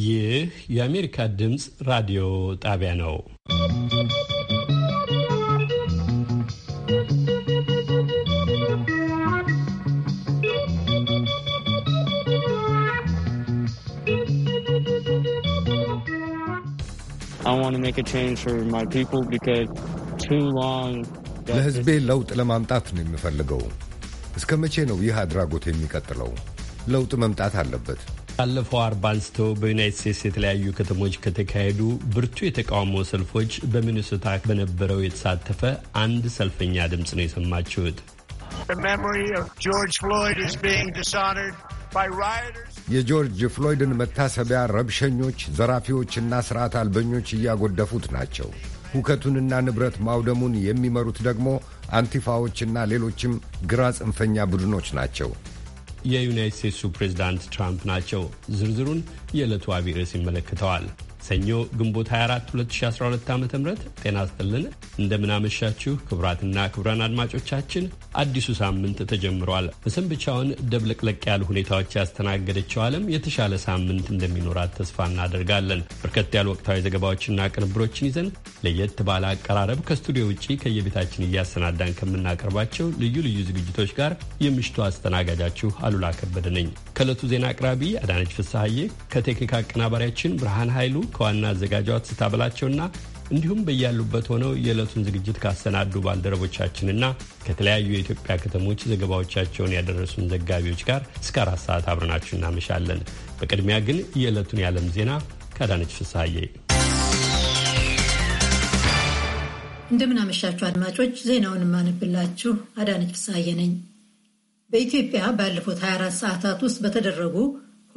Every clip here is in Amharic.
ይህ የአሜሪካ ድምፅ ራዲዮ ጣቢያ ነው። ለሕዝቤ ለውጥ ለማምጣት ነው የምፈልገው። እስከ መቼ ነው ይህ አድራጎት የሚቀጥለው? ለውጥ መምጣት አለበት። ካለፈው አርብ አንስቶ በዩናይት ስቴትስ የተለያዩ ከተሞች ከተካሄዱ ብርቱ የተቃውሞ ሰልፎች በሚኒሶታ በነበረው የተሳተፈ አንድ ሰልፈኛ ድምፅ ነው የሰማችሁት። የጆርጅ ፍሎይድን መታሰቢያ ረብሸኞች፣ ዘራፊዎችና ሥርዓት አልበኞች እያጎደፉት ናቸው። ሁከቱንና ንብረት ማውደሙን የሚመሩት ደግሞ አንቲፋዎችና ሌሎችም ግራ ጽንፈኛ ቡድኖች ናቸው። የዩናይት ስቴትሱ ፕሬዚዳንት ትራምፕ ናቸው። ዝርዝሩን የዕለቱ አቢይ ርዕስ ይመለከተዋል። ሰኞ ግንቦት 24 2012 ዓ ም ጤና ስጥልን እንደምናመሻችሁ ክቡራትና ክቡራን አድማጮቻችን አዲሱ ሳምንት ተጀምሯል። በሰንብቻውን ደብለቅለቅ ያሉ ሁኔታዎች ያስተናገደችው ዓለም የተሻለ ሳምንት እንደሚኖራት ተስፋ እናደርጋለን። በርከት ያሉ ወቅታዊ ዘገባዎችና ቅንብሮችን ይዘን ለየት ባለ አቀራረብ ከስቱዲዮ ውጪ ከየቤታችን እያሰናዳን ከምናቀርባቸው ልዩ ልዩ ዝግጅቶች ጋር የምሽቱ አስተናጋጃችሁ አሉላ ከበደ ነኝ። ከእለቱ ዜና አቅራቢ አዳነች ፍስሐዬ ከቴክኒክ አቀናባሪያችን ብርሃን ኃይሉ ከዋና አዘጋጇ ትስታ በላቸውና እንዲሁም በያሉበት ሆነው የዕለቱን ዝግጅት ካሰናዱ ባልደረቦቻችንና ከተለያዩ የኢትዮጵያ ከተሞች ዘገባዎቻቸውን ያደረሱን ዘጋቢዎች ጋር እስከ አራት ሰዓት አብረናችሁ እናመሻለን። በቅድሚያ ግን የዕለቱን የዓለም ዜና ከአዳነች ፍሳሐዬ። እንደምናመሻችሁ አድማጮች፣ ዜናውን የማነብላችሁ አዳነች ፍሳሐዬ ነኝ። በኢትዮጵያ ባለፉት 24 ሰዓታት ውስጥ በተደረጉ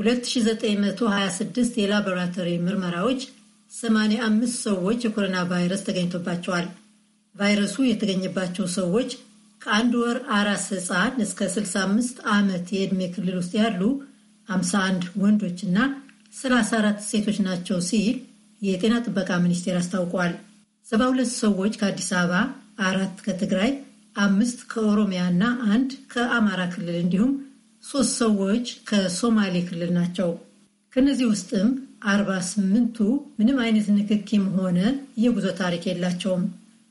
2926 የላቦራቶሪ ምርመራዎች 85 ሰዎች የኮሮና ቫይረስ ተገኝቶባቸዋል። ቫይረሱ የተገኘባቸው ሰዎች ከአንድ ወር አራስ ሕፃን እስከ 65 ዓመት የዕድሜ ክልል ውስጥ ያሉ 51 ወንዶችና 34 ሴቶች ናቸው ሲል የጤና ጥበቃ ሚኒስቴር አስታውቋል። 72 ሰዎች ከአዲስ አበባ፣ አራት ከትግራይ፣ አምስት ከኦሮሚያ እና አንድ ከአማራ ክልል እንዲሁም ሶስት ሰዎች ከሶማሌ ክልል ናቸው። ከነዚህ ውስጥም አርባ ስምንቱ ምንም አይነት ንክኪም ሆነ የጉዞ ታሪክ የላቸውም።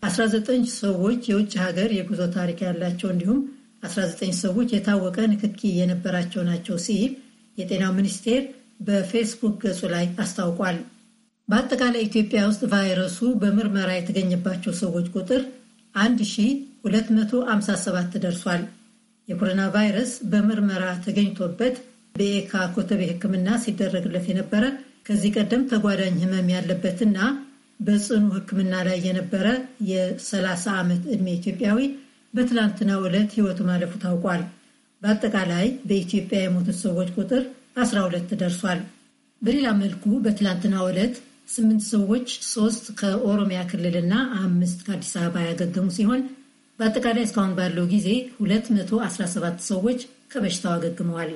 19 ሰዎች የውጭ ሀገር የጉዞ ታሪክ ያላቸው እንዲሁም 19 ሰዎች የታወቀ ንክኪ የነበራቸው ናቸው ሲል የጤና ሚኒስቴር በፌስቡክ ገጹ ላይ አስታውቋል። በአጠቃላይ ኢትዮጵያ ውስጥ ቫይረሱ በምርመራ የተገኘባቸው ሰዎች ቁጥር 1257 ደርሷል። የኮሮና ቫይረስ በምርመራ ተገኝቶበት በኤካ ኮተቤ ሕክምና ሲደረግለት የነበረ ከዚህ ቀደም ተጓዳኝ ህመም ያለበትና በጽኑ ሕክምና ላይ የነበረ የ30 ዓመት ዕድሜ ኢትዮጵያዊ በትላንትና ዕለት ህይወቱ ማለፉ ታውቋል። በአጠቃላይ በኢትዮጵያ የሞቱት ሰዎች ቁጥር 12 ደርሷል። በሌላ መልኩ በትላንትና ዕለት ስምንት ሰዎች ሶስት ከኦሮሚያ ክልልና አምስት ከአዲስ አበባ ያገገሙ ሲሆን በአጠቃላይ እስካሁን ባለው ጊዜ 217 ሰዎች ከበሽታው አገግመዋል።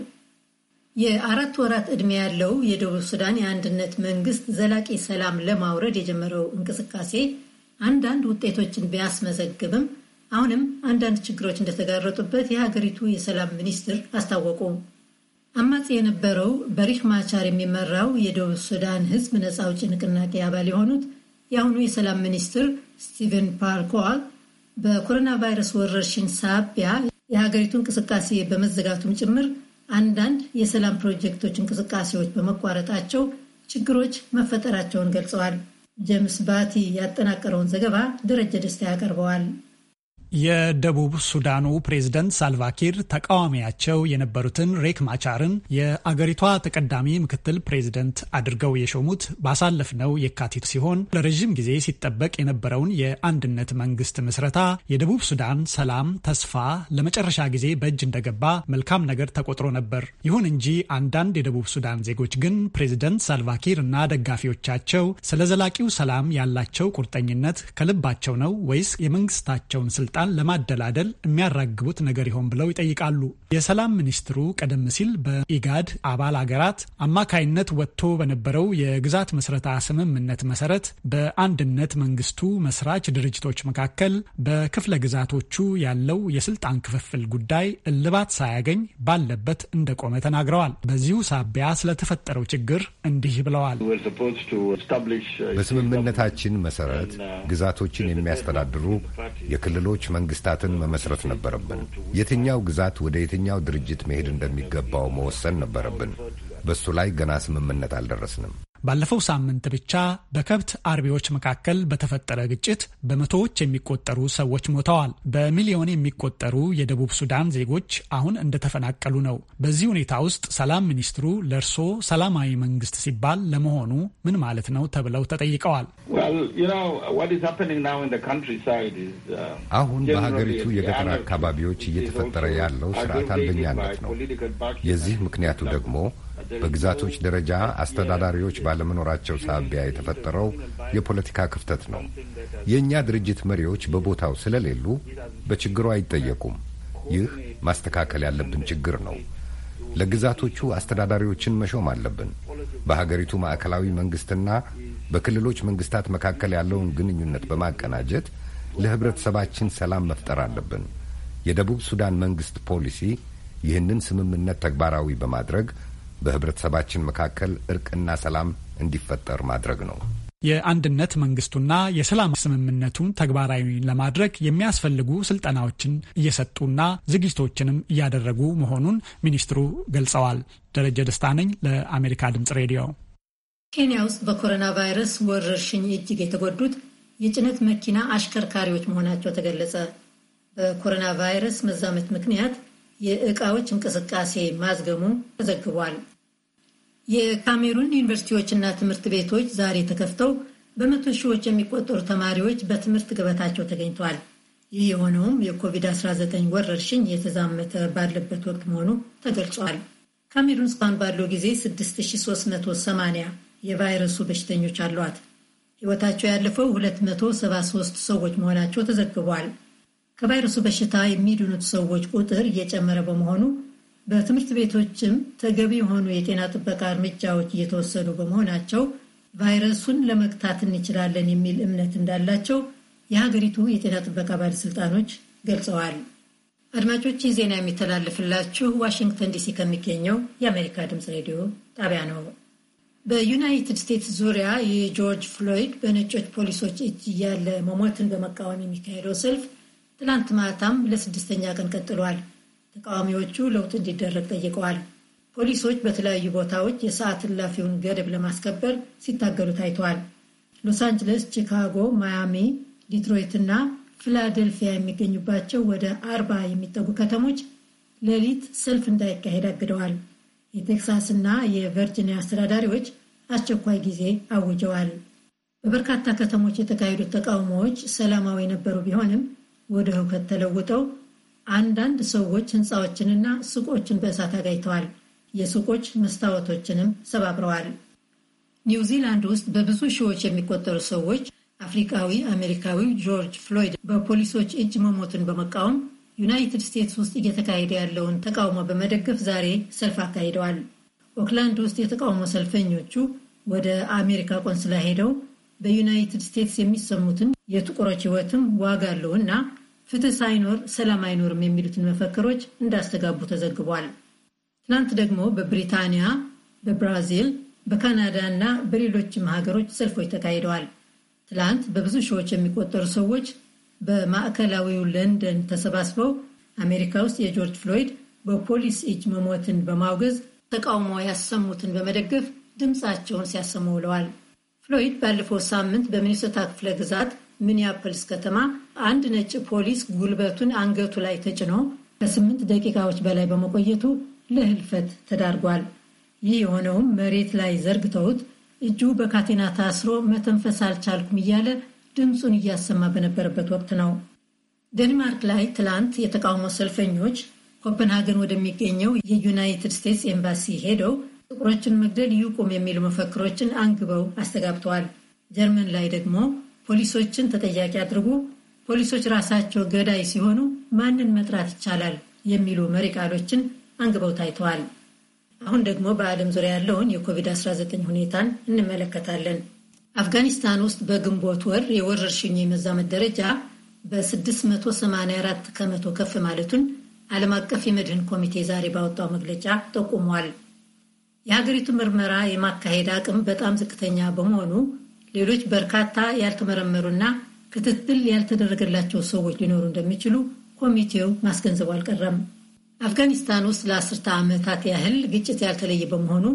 የአራት ወራት ዕድሜ ያለው የደቡብ ሱዳን የአንድነት መንግስት ዘላቂ ሰላም ለማውረድ የጀመረው እንቅስቃሴ አንዳንድ ውጤቶችን ቢያስመዘግብም አሁንም አንዳንድ ችግሮች እንደተጋረጡበት የሀገሪቱ የሰላም ሚኒስትር አስታወቁ። አማጺ የነበረው በሪክ ማቻር የሚመራው የደቡብ ሱዳን ህዝብ ነፃ አውጪ ንቅናቄ አባል የሆኑት የአሁኑ የሰላም ሚኒስትር ስቲቨን ፓርኮዋል በኮሮና ቫይረስ ወረርሽኝ ሳቢያ የሀገሪቱ እንቅስቃሴ በመዘጋቱም ጭምር አንዳንድ የሰላም ፕሮጀክቶች እንቅስቃሴዎች በመቋረጣቸው ችግሮች መፈጠራቸውን ገልጸዋል። ጀምስ ባቲ ያጠናቀረውን ዘገባ ደረጀ ደስታ ያቀርበዋል። የደቡብ ሱዳኑ ፕሬዝደንት ሳልቫኪር ተቃዋሚያቸው የነበሩትን ሬክ ማቻርን የአገሪቷ ተቀዳሚ ምክትል ፕሬዝደንት አድርገው የሾሙት ባሳለፍነው የካቲት ሲሆን ለረዥም ጊዜ ሲጠበቅ የነበረውን የአንድነት መንግስት ምስረታ፣ የደቡብ ሱዳን ሰላም ተስፋ ለመጨረሻ ጊዜ በእጅ እንደገባ መልካም ነገር ተቆጥሮ ነበር። ይሁን እንጂ አንዳንድ የደቡብ ሱዳን ዜጎች ግን ፕሬዝደንት ሳልቫኪር እና ደጋፊዎቻቸው ስለ ዘላቂው ሰላም ያላቸው ቁርጠኝነት ከልባቸው ነው ወይስ የመንግስታቸውን ስልጣን ስልጣን ለማደላደል የሚያራግቡት ነገር ይሆን ብለው ይጠይቃሉ። የሰላም ሚኒስትሩ ቀደም ሲል በኢጋድ አባል አገራት አማካይነት ወጥቶ በነበረው የግዛት መስረታ ስምምነት መሰረት በአንድነት መንግስቱ መስራች ድርጅቶች መካከል በክፍለ ግዛቶቹ ያለው የስልጣን ክፍፍል ጉዳይ እልባት ሳያገኝ ባለበት እንደቆመ ተናግረዋል። በዚሁ ሳቢያ ስለተፈጠረው ችግር እንዲህ ብለዋል። በስምምነታችን መሰረት ግዛቶችን የሚያስተዳድሩ የክልሎች መንግስታትን መመስረት ነበረብን። የትኛው ግዛት ወደ የትኛው ድርጅት መሄድ እንደሚገባው መወሰን ነበረብን። በሱ ላይ ገና ስምምነት አልደረስንም። ባለፈው ሳምንት ብቻ በከብት አርቢዎች መካከል በተፈጠረ ግጭት በመቶዎች የሚቆጠሩ ሰዎች ሞተዋል። በሚሊዮን የሚቆጠሩ የደቡብ ሱዳን ዜጎች አሁን እንደተፈናቀሉ ነው። በዚህ ሁኔታ ውስጥ ሰላም ሚኒስትሩ ለእርሶ ሰላማዊ መንግስት ሲባል ለመሆኑ ምን ማለት ነው ተብለው ተጠይቀዋል። uh, አሁን በሀገሪቱ የገጠር አካባቢዎች እየተፈጠረ ያለው ስርዓት አልበኛነት ነው። የዚህ ምክንያቱ ደግሞ በግዛቶች ደረጃ አስተዳዳሪዎች ባለመኖራቸው ሳቢያ የተፈጠረው የፖለቲካ ክፍተት ነው። የእኛ ድርጅት መሪዎች በቦታው ስለሌሉ በችግሩ አይጠየቁም። ይህ ማስተካከል ያለብን ችግር ነው። ለግዛቶቹ አስተዳዳሪዎችን መሾም አለብን። በሀገሪቱ ማዕከላዊ መንግስትና በክልሎች መንግስታት መካከል ያለውን ግንኙነት በማቀናጀት ለህብረተሰባችን ሰላም መፍጠር አለብን። የደቡብ ሱዳን መንግስት ፖሊሲ ይህንን ስምምነት ተግባራዊ በማድረግ በህብረተሰባችን መካከል እርቅና ሰላም እንዲፈጠር ማድረግ ነው። የአንድነት መንግስቱና የሰላም ስምምነቱን ተግባራዊ ለማድረግ የሚያስፈልጉ ስልጠናዎችን እየሰጡና ዝግጅቶችንም እያደረጉ መሆኑን ሚኒስትሩ ገልጸዋል። ደረጀ ደስታ ነኝ ለአሜሪካ ድምጽ ሬዲዮ። ኬንያ ውስጥ በኮሮና ቫይረስ ወረርሽኝ እጅግ የተጎዱት የጭነት መኪና አሽከርካሪዎች መሆናቸው ተገለጸ። በኮሮና ቫይረስ መዛመት ምክንያት የእቃዎች እንቅስቃሴ ማዝገሙ ተዘግቧል። የካሜሩን ዩኒቨርሲቲዎችና ትምህርት ቤቶች ዛሬ ተከፍተው በመቶ ሺዎች የሚቆጠሩ ተማሪዎች በትምህርት ገበታቸው ተገኝተዋል። ይህ የሆነውም የኮቪድ-19 ወረርሽኝ የተዛመተ ባለበት ወቅት መሆኑ ተገልጿል። ካሜሩን እስካሁን ባለው ጊዜ 6380 የቫይረሱ በሽተኞች አሏት። ሕይወታቸው ያለፈው 273 ሰዎች መሆናቸው ተዘግቧል። ከቫይረሱ በሽታ የሚድኑት ሰዎች ቁጥር እየጨመረ በመሆኑ በትምህርት ቤቶችም ተገቢ የሆኑ የጤና ጥበቃ እርምጃዎች እየተወሰዱ በመሆናቸው ቫይረሱን ለመግታት እንችላለን የሚል እምነት እንዳላቸው የሀገሪቱ የጤና ጥበቃ ባለስልጣኖች ገልጸዋል። አድማጮች፣ ይህ ዜና የሚተላለፍላችሁ ዋሽንግተን ዲሲ ከሚገኘው የአሜሪካ ድምፅ ሬዲዮ ጣቢያ ነው። በዩናይትድ ስቴትስ ዙሪያ የጆርጅ ፍሎይድ በነጮች ፖሊሶች እጅ እያለ መሞትን በመቃወም የሚካሄደው ሰልፍ ትላንት ማታም ለስድስተኛ ቀን ቀጥሏል። ተቃዋሚዎቹ ለውጥ እንዲደረግ ጠይቀዋል። ፖሊሶች በተለያዩ ቦታዎች የሰዓት እላፊውን ገደብ ለማስከበር ሲታገሉ ታይተዋል። ሎስ አንጅለስ፣ ቺካጎ፣ ማያሚ፣ ዲትሮይት እና ፊላደልፊያ የሚገኙባቸው ወደ አርባ የሚጠጉ ከተሞች ሌሊት ሰልፍ እንዳይካሄድ አግደዋል። የቴክሳስ እና የቨርጂኒያ አስተዳዳሪዎች አስቸኳይ ጊዜ አውጀዋል። በበርካታ ከተሞች የተካሄዱት ተቃውሞዎች ሰላማዊ የነበሩ ቢሆንም ወደ ሁከት ተለውጠው አንዳንድ ሰዎች ህንፃዎችንና ሱቆችን በእሳት አጋይተዋል። የሱቆች መስታወቶችንም ሰባብረዋል። ኒውዚላንድ ውስጥ በብዙ ሺዎች የሚቆጠሩ ሰዎች አፍሪካዊ አሜሪካዊ ጆርጅ ፍሎይድ በፖሊሶች እጅ መሞቱን በመቃወም ዩናይትድ ስቴትስ ውስጥ እየተካሄደ ያለውን ተቃውሞ በመደገፍ ዛሬ ሰልፍ አካሂደዋል። ኦክላንድ ውስጥ የተቃውሞ ሰልፈኞቹ ወደ አሜሪካ ቆንስላ ሄደው በዩናይትድ ስቴትስ የሚሰሙትን የጥቁሮች ህይወትም ዋጋ አለው እና ፍትህ ሳይኖር ሰላም አይኖርም የሚሉትን መፈክሮች እንዳስተጋቡ ተዘግቧል። ትናንት ደግሞ በብሪታንያ፣ በብራዚል፣ በካናዳ እና በሌሎችም ሀገሮች ሰልፎች ተካሂደዋል። ትላንት በብዙ ሺዎች የሚቆጠሩ ሰዎች በማዕከላዊው ለንደን ተሰባስበው አሜሪካ ውስጥ የጆርጅ ፍሎይድ በፖሊስ እጅ መሞትን በማውገዝ ተቃውሞ ያሰሙትን በመደገፍ ድምፃቸውን ሲያሰሙ ውለዋል። ፍሎይድ ባለፈው ሳምንት በሚኒሶታ ክፍለ ግዛት ሚኒያፖሊስ ከተማ አንድ ነጭ ፖሊስ ጉልበቱን አንገቱ ላይ ተጭኖ ከስምንት ደቂቃዎች በላይ በመቆየቱ ለህልፈት ተዳርጓል። ይህ የሆነውም መሬት ላይ ዘርግተውት እጁ በካቴና ታስሮ መተንፈስ አልቻልኩም እያለ ድምፁን እያሰማ በነበረበት ወቅት ነው። ዴንማርክ ላይ ትላንት የተቃውሞ ሰልፈኞች ኮፐንሃገን ወደሚገኘው የዩናይትድ ስቴትስ ኤምባሲ ሄደው ጥቁሮችን መግደል ይቁም የሚሉ መፈክሮችን አንግበው አስተጋብተዋል። ጀርመን ላይ ደግሞ ፖሊሶችን ተጠያቂ አድርጉ፣ ፖሊሶች ራሳቸው ገዳይ ሲሆኑ ማንን መጥራት ይቻላል የሚሉ መሪ ቃሎችን አንግበው ታይተዋል። አሁን ደግሞ በዓለም ዙሪያ ያለውን የኮቪድ-19 ሁኔታን እንመለከታለን። አፍጋኒስታን ውስጥ በግንቦት ወር የወረርሽኙ የመዛመት ደረጃ በ684 ከመቶ ከፍ ማለቱን ዓለም አቀፍ የመድህን ኮሚቴ ዛሬ ባወጣው መግለጫ ጠቁሟል። የሀገሪቱ ምርመራ የማካሄድ አቅም በጣም ዝቅተኛ በመሆኑ ሌሎች በርካታ ያልተመረመሩና ክትትል ያልተደረገላቸው ሰዎች ሊኖሩ እንደሚችሉ ኮሚቴው ማስገንዘቡ አልቀረም። አፍጋኒስታን ውስጥ ለአስርተ ዓመታት ያህል ግጭት ያልተለየ በመሆኑ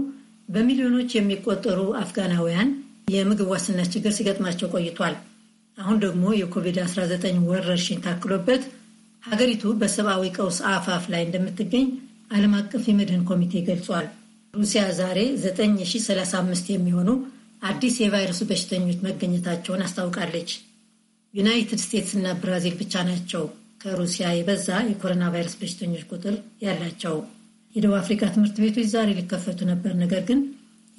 በሚሊዮኖች የሚቆጠሩ አፍጋናውያን የምግብ ዋስትና ችግር ሲገጥማቸው ቆይቷል። አሁን ደግሞ የኮቪድ-19 ወረርሽኝ ታክሎበት ሀገሪቱ በሰብአዊ ቀውስ አፋፍ ላይ እንደምትገኝ ዓለም አቀፍ የመድህን ኮሚቴ ገልጿል። ሩሲያ ዛሬ 9035 የሚሆኑ አዲስ የቫይረሱ በሽተኞች መገኘታቸውን አስታውቃለች። ዩናይትድ ስቴትስ እና ብራዚል ብቻ ናቸው ከሩሲያ የበዛ የኮሮና ቫይረስ በሽተኞች ቁጥር ያላቸው። የደቡብ አፍሪካ ትምህርት ቤቶች ዛሬ ሊከፈቱ ነበር፣ ነገር ግን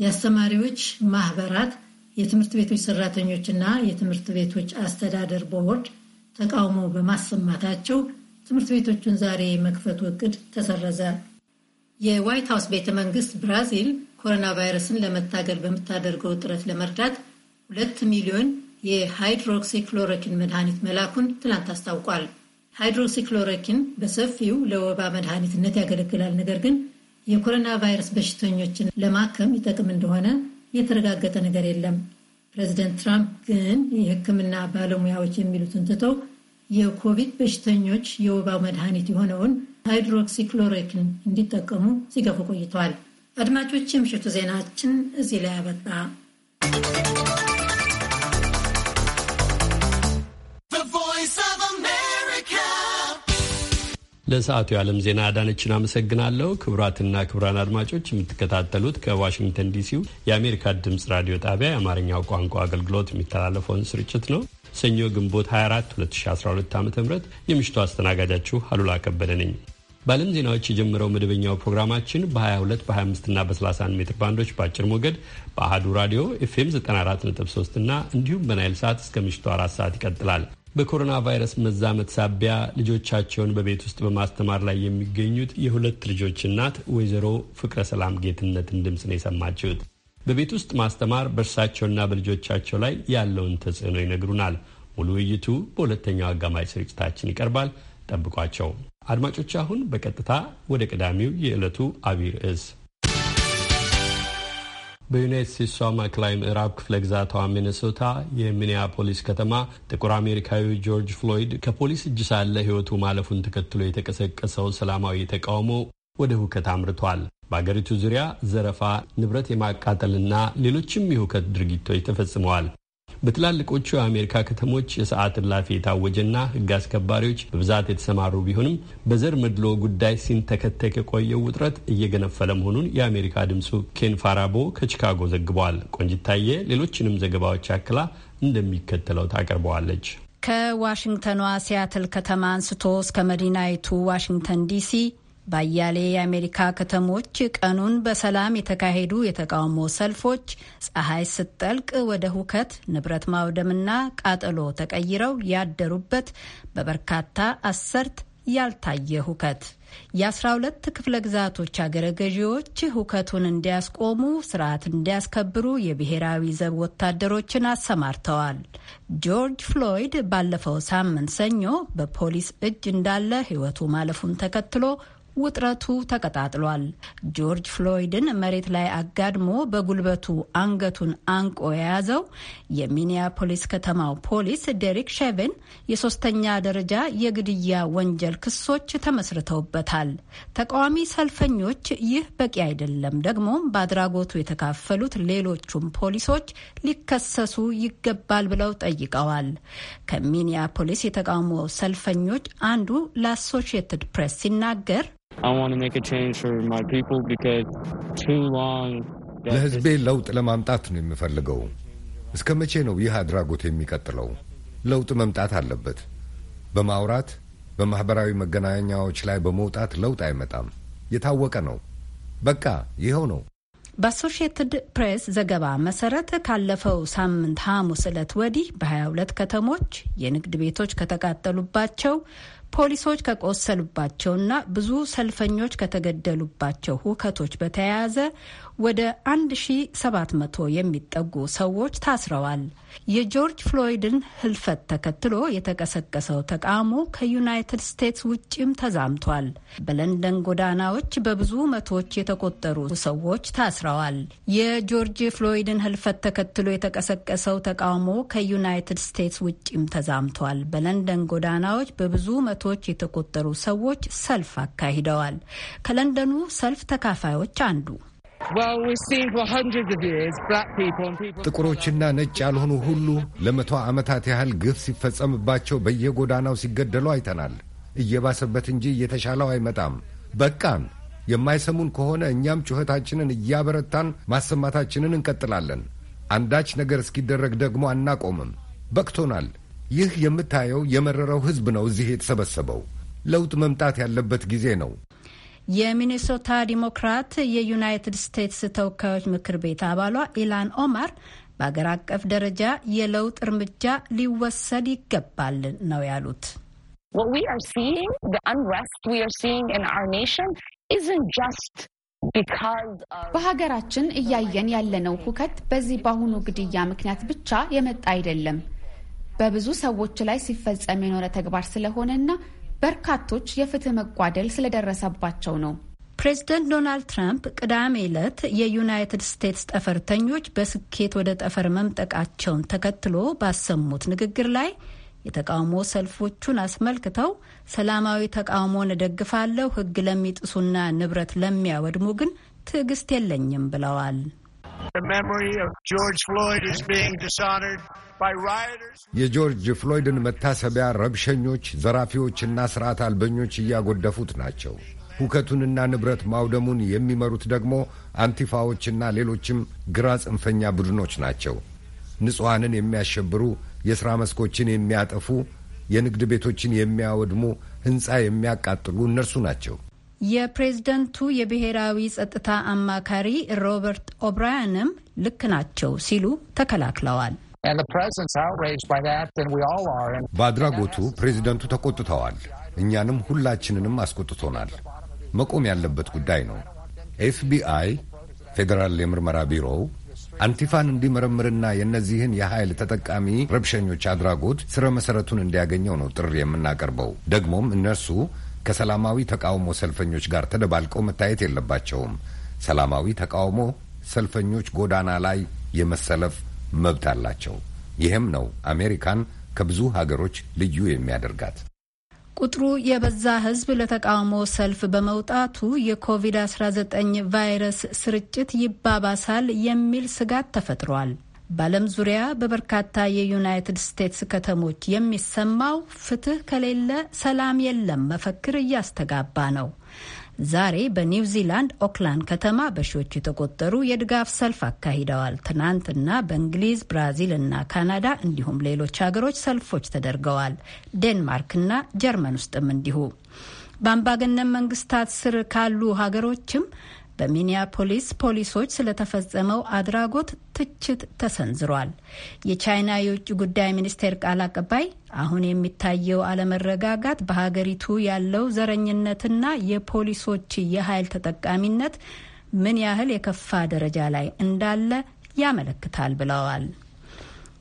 የአስተማሪዎች ማህበራት የትምህርት ቤቶች ሰራተኞችና የትምህርት ቤቶች አስተዳደር ቦርድ ተቃውሞ በማሰማታቸው ትምህርት ቤቶቹን ዛሬ መክፈቱ እቅድ ተሰረዘ። የዋይት ሀውስ ቤተ መንግስት ብራዚል ኮሮና ቫይረስን ለመታገል በምታደርገው ጥረት ለመርዳት ሁለት ሚሊዮን የሃይድሮክሲክሎረኪን መድኃኒት መላኩን ትላንት አስታውቋል። ሃይድሮክሲክሎረኪን በሰፊው ለወባ መድኃኒትነት ያገለግላል፣ ነገር ግን የኮሮና ቫይረስ በሽተኞችን ለማከም ይጠቅም እንደሆነ የተረጋገጠ ነገር የለም። ፕሬዚደንት ትራምፕ ግን የሕክምና ባለሙያዎች የሚሉትን ትተው የኮቪድ በሽተኞች የወባ መድኃኒት የሆነውን ሃይድሮክሲክሎሮኪን እንዲጠቀሙ ሲገፉ ቆይተዋል። አድማጮች፣ የምሽቱ ዜናችን እዚህ ላይ አበቃ። ለሰዓቱ የዓለም ዜና አዳነችን አመሰግናለሁ። ክቡራትና ክቡራን አድማጮች የምትከታተሉት ከዋሽንግተን ዲሲው የአሜሪካ ድምፅ ራዲዮ ጣቢያ የአማርኛው ቋንቋ አገልግሎት የሚተላለፈውን ስርጭት ነው። ሰኞ ግንቦት 24 2012 ዓ ም የምሽቱ አስተናጋጃችሁ አሉላ ከበደ ነኝ። በዓለም ዜናዎች የጀመረው መደበኛው ፕሮግራማችን በ22 በ25 እና በ31 ሜትር ባንዶች በአጭር ሞገድ በአህዱ ራዲዮ ኤፍኤም 943 እና እንዲሁም በናይል ሰዓት እስከ ምሽቱ አራት ሰዓት ይቀጥላል። በኮሮና ቫይረስ መዛመት ሳቢያ ልጆቻቸውን በቤት ውስጥ በማስተማር ላይ የሚገኙት የሁለት ልጆች እናት ወይዘሮ ፍቅረ ሰላም ጌትነትን ድምፅ ነው የሰማችሁት። በቤት ውስጥ ማስተማር በእርሳቸውና በልጆቻቸው ላይ ያለውን ተጽዕኖ ይነግሩናል። ሙሉ ውይይቱ በሁለተኛው አጋማሽ ስርጭታችን ይቀርባል። ጠብቋቸው። አድማጮች አሁን በቀጥታ ወደ ቀዳሚው የዕለቱ አብይ ርዕስ በዩናይት ስቴትሷ ማዕከላዊ ምዕራብ ክፍለ ግዛቷ ሚኒሶታ የሚኒያፖሊስ ከተማ ጥቁር አሜሪካዊ ጆርጅ ፍሎይድ ከፖሊስ እጅ ሳለ ሕይወቱ ማለፉን ተከትሎ የተቀሰቀሰው ሰላማዊ ተቃውሞ ወደ ሁከት አምርቷል። በአገሪቱ ዙሪያ ዘረፋ፣ ንብረት የማቃጠልና ሌሎችም የሁከት ድርጊቶች ተፈጽመዋል። በትላልቆቹ የአሜሪካ ከተሞች የሰዓት እላፊ የታወጀና ሕግ አስከባሪዎች በብዛት የተሰማሩ ቢሆንም በዘር መድሎ ጉዳይ ሲንተከተክ የቆየው ውጥረት እየገነፈለ መሆኑን የአሜሪካ ድምፁ ኬን ፋራቦ ከቺካጎ ዘግቧል። ቆንጅታየ ሌሎችንም ዘገባዎች አክላ እንደሚከተለው ታቀርበዋለች። ከዋሽንግተኗ ሲያትል ከተማ አንስቶ እስከ መዲናይቱ ዋሽንግተን ዲሲ ባያሌ የአሜሪካ ከተሞች ቀኑን በሰላም የተካሄዱ የተቃውሞ ሰልፎች ፀሐይ ስትጠልቅ ወደ ሁከት፣ ንብረት ማውደምና ቃጠሎ ተቀይረው ያደሩበት በበርካታ አሰርት ያልታየ ሁከት የአስራ ሁለት ክፍለ ግዛቶች አገረ ገዢዎች ሁከቱን እንዲያስቆሙ ስርዓት እንዲያስከብሩ የብሔራዊ ዘብ ወታደሮችን አሰማርተዋል። ጆርጅ ፍሎይድ ባለፈው ሳምንት ሰኞ በፖሊስ እጅ እንዳለ ሕይወቱ ማለፉን ተከትሎ ውጥረቱ ተቀጣጥሏል። ጆርጅ ፍሎይድን መሬት ላይ አጋድሞ በጉልበቱ አንገቱን አንቆ የያዘው የሚኒያፖሊስ ከተማው ፖሊስ ዴሪክ ሼቬን የሶስተኛ ደረጃ የግድያ ወንጀል ክሶች ተመስርተውበታል። ተቃዋሚ ሰልፈኞች ይህ በቂ አይደለም፣ ደግሞ በአድራጎቱ የተካፈሉት ሌሎቹም ፖሊሶች ሊከሰሱ ይገባል ብለው ጠይቀዋል። ከሚኒያፖሊስ የተቃውሞ ሰልፈኞች አንዱ ለአሶሺየትድ ፕሬስ ሲናገር ለሕዝቤ ለውጥ ለማምጣት ነው የምፈልገው። እስከ መቼ ነው ይህ አድራጎት የሚቀጥለው? ለውጥ መምጣት አለበት። በማውራት በማኅበራዊ መገናኛዎች ላይ በመውጣት ለውጥ አይመጣም። የታወቀ ነው። በቃ ይኸው ነው። በአሶሽየትድ ፕሬስ ዘገባ መሰረት ካለፈው ሳምንት ሐሙስ ዕለት ወዲህ በ22 ከተሞች የንግድ ቤቶች ከተቃጠሉባቸው ፖሊሶች ከቆሰሉባቸውና ብዙ ሰልፈኞች ከተገደሉባቸው ሁከቶች በተያያዘ ወደ 1700 የሚጠጉ ሰዎች ታስረዋል። የጆርጅ ፍሎይድን ህልፈት ተከትሎ የተቀሰቀሰው ተቃውሞ ከዩናይትድ ስቴትስ ውጭም ተዛምቷል። በለንደን ጎዳናዎች በብዙ መቶዎች የተቆጠሩ ሰዎች ታስረዋል። የጆርጅ ፍሎይድን ህልፈት ተከትሎ የተቀሰቀሰው ተቃውሞ ከዩናይትድ ስቴትስ ውጭም ተዛምቷል። በለንደን ጎዳናዎች በብዙ መቶዎች የተቆጠሩ ሰዎች ሰልፍ አካሂደዋል። ከለንደኑ ሰልፍ ተካፋዮች አንዱ ጥቁሮችና ነጭ ያልሆኑ ሁሉ ለመቶ ዓመታት ያህል ግፍ ሲፈጸምባቸው በየጎዳናው ሲገደሉ አይተናል። እየባሰበት እንጂ እየተሻለው አይመጣም። በቃን። የማይሰሙን ከሆነ እኛም ጩኸታችንን እያበረታን ማሰማታችንን እንቀጥላለን። አንዳች ነገር እስኪደረግ ደግሞ አናቆምም። በቅቶናል። ይህ የምታየው የመረረው ሕዝብ ነው እዚህ የተሰበሰበው። ለውጥ መምጣት ያለበት ጊዜ ነው። የሚኒሶታ ዲሞክራት የዩናይትድ ስቴትስ ተወካዮች ምክር ቤት አባሏ ኢላን ኦማር በአገር አቀፍ ደረጃ የለውጥ እርምጃ ሊወሰድ ይገባል ነው ያሉት። በሀገራችን እያየን ያለነው ሁከት በዚህ በአሁኑ ግድያ ምክንያት ብቻ የመጣ አይደለም። በብዙ ሰዎች ላይ ሲፈጸም የኖረ ተግባር ስለሆነና በርካቶች የፍትህ መጓደል ስለደረሰባቸው ነው። ፕሬዚደንት ዶናልድ ትራምፕ ቅዳሜ ዕለት የዩናይትድ ስቴትስ ጠፈርተኞች በስኬት ወደ ጠፈር መምጠቃቸውን ተከትሎ ባሰሙት ንግግር ላይ የተቃውሞ ሰልፎቹን አስመልክተው ሰላማዊ ተቃውሞን እደግፋለሁ፣ ሕግ ለሚጥሱና ንብረት ለሚያወድሙ ግን ትዕግስት የለኝም ብለዋል። የጆርጅ ፍሎይድን መታሰቢያ ረብሸኞች፣ ዘራፊዎችና ስርዓት አልበኞች እያጎደፉት ናቸው። ሁከቱንና ንብረት ማውደሙን የሚመሩት ደግሞ አንቲፋዎችና ሌሎችም ግራ ጽንፈኛ ቡድኖች ናቸው። ንጹሐንን የሚያሸብሩ፣ የሥራ መስኮችን የሚያጠፉ፣ የንግድ ቤቶችን የሚያወድሙ፣ ሕንፃ የሚያቃጥሉ እነርሱ ናቸው። የፕሬዝደንቱ የብሔራዊ ጸጥታ አማካሪ ሮበርት ኦብራያንም ልክ ናቸው ሲሉ ተከላክለዋል። በአድራጎቱ ፕሬዝደንቱ ተቆጥተዋል። እኛንም ሁላችንንም አስቆጥቶናል። መቆም ያለበት ጉዳይ ነው። ኤፍቢአይ፣ ፌዴራል የምርመራ ቢሮው አንቲፋን እንዲመረምርና የእነዚህን የኃይል ተጠቃሚ ረብሸኞች አድራጎት ስረ መሰረቱን እንዲያገኘው ነው ጥሪ የምናቀርበው። ደግሞም እነርሱ ከሰላማዊ ተቃውሞ ሰልፈኞች ጋር ተደባልቀው መታየት የለባቸውም። ሰላማዊ ተቃውሞ ሰልፈኞች ጎዳና ላይ የመሰለፍ መብት አላቸው። ይህም ነው አሜሪካን ከብዙ ሀገሮች ልዩ የሚያደርጋት። ቁጥሩ የበዛ ሕዝብ ለተቃውሞ ሰልፍ በመውጣቱ የኮቪድ-19 ቫይረስ ስርጭት ይባባሳል የሚል ስጋት ተፈጥሯል። በዓለም ዙሪያ በበርካታ የዩናይትድ ስቴትስ ከተሞች የሚሰማው ፍትህ ከሌለ ሰላም የለም መፈክር እያስተጋባ ነው። ዛሬ በኒውዚላንድ ኦክላንድ ከተማ በሺዎች የተቆጠሩ የድጋፍ ሰልፍ አካሂደዋል። ትናንትና በእንግሊዝ፣ ብራዚል እና ካናዳ እንዲሁም ሌሎች ሀገሮች ሰልፎች ተደርገዋል። ዴንማርክና ጀርመን ውስጥም እንዲሁ። በአምባገነን መንግስታት ስር ካሉ ሀገሮችም በሚኒያፖሊስ ፖሊሶች ስለተፈጸመው አድራጎት ትችት ተሰንዝሯል። የቻይና የውጭ ጉዳይ ሚኒስቴር ቃል አቀባይ አሁን የሚታየው አለመረጋጋት በሀገሪቱ ያለው ዘረኝነትና የፖሊሶች የኃይል ተጠቃሚነት ምን ያህል የከፋ ደረጃ ላይ እንዳለ ያመለክታል ብለዋል።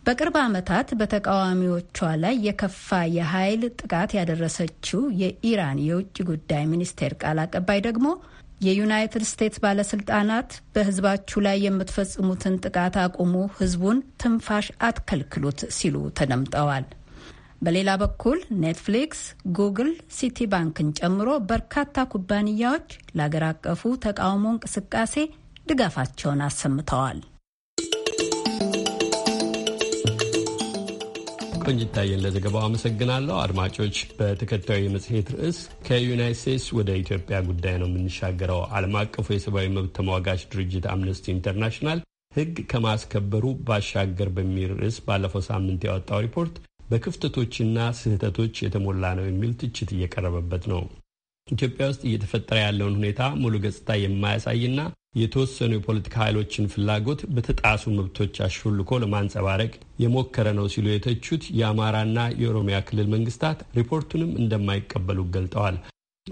በቅርብ ዓመታት በተቃዋሚዎቿ ላይ የከፋ የኃይል ጥቃት ያደረሰችው የኢራን የውጭ ጉዳይ ሚኒስቴር ቃል አቀባይ ደግሞ የዩናይትድ ስቴትስ ባለስልጣናት በህዝባችሁ ላይ የምትፈጽሙትን ጥቃት አቁሙ፣ ህዝቡን ትንፋሽ አትከልክሉት ሲሉ ተደምጠዋል። በሌላ በኩል ኔትፍሊክስ፣ ጉግል፣ ሲቲ ባንክን ጨምሮ በርካታ ኩባንያዎች ለአገር አቀፉ ተቃውሞ እንቅስቃሴ ድጋፋቸውን አሰምተዋል። ቆንጅታየን ለዘገባው አመሰግናለሁ። አድማጮች፣ በተከታዩ የመጽሔት ርዕስ ከዩናይት ስቴትስ ወደ ኢትዮጵያ ጉዳይ ነው የምንሻገረው። ዓለም አቀፉ የሰብአዊ መብት ተሟጋች ድርጅት አምነስቲ ኢንተርናሽናል ሕግ ከማስከበሩ ባሻገር በሚል ርዕስ ባለፈው ሳምንት ያወጣው ሪፖርት በክፍተቶችና ስህተቶች የተሞላ ነው የሚል ትችት እየቀረበበት ነው። ኢትዮጵያ ውስጥ እየተፈጠረ ያለውን ሁኔታ ሙሉ ገጽታ የማያሳይና የተወሰኑ የፖለቲካ ኃይሎችን ፍላጎት በተጣሱ መብቶች አሹልኮ ለማንጸባረቅ የሞከረ ነው ሲሉ የተቹት የአማራና የኦሮሚያ ክልል መንግስታት ሪፖርቱንም እንደማይቀበሉ ገልጠዋል።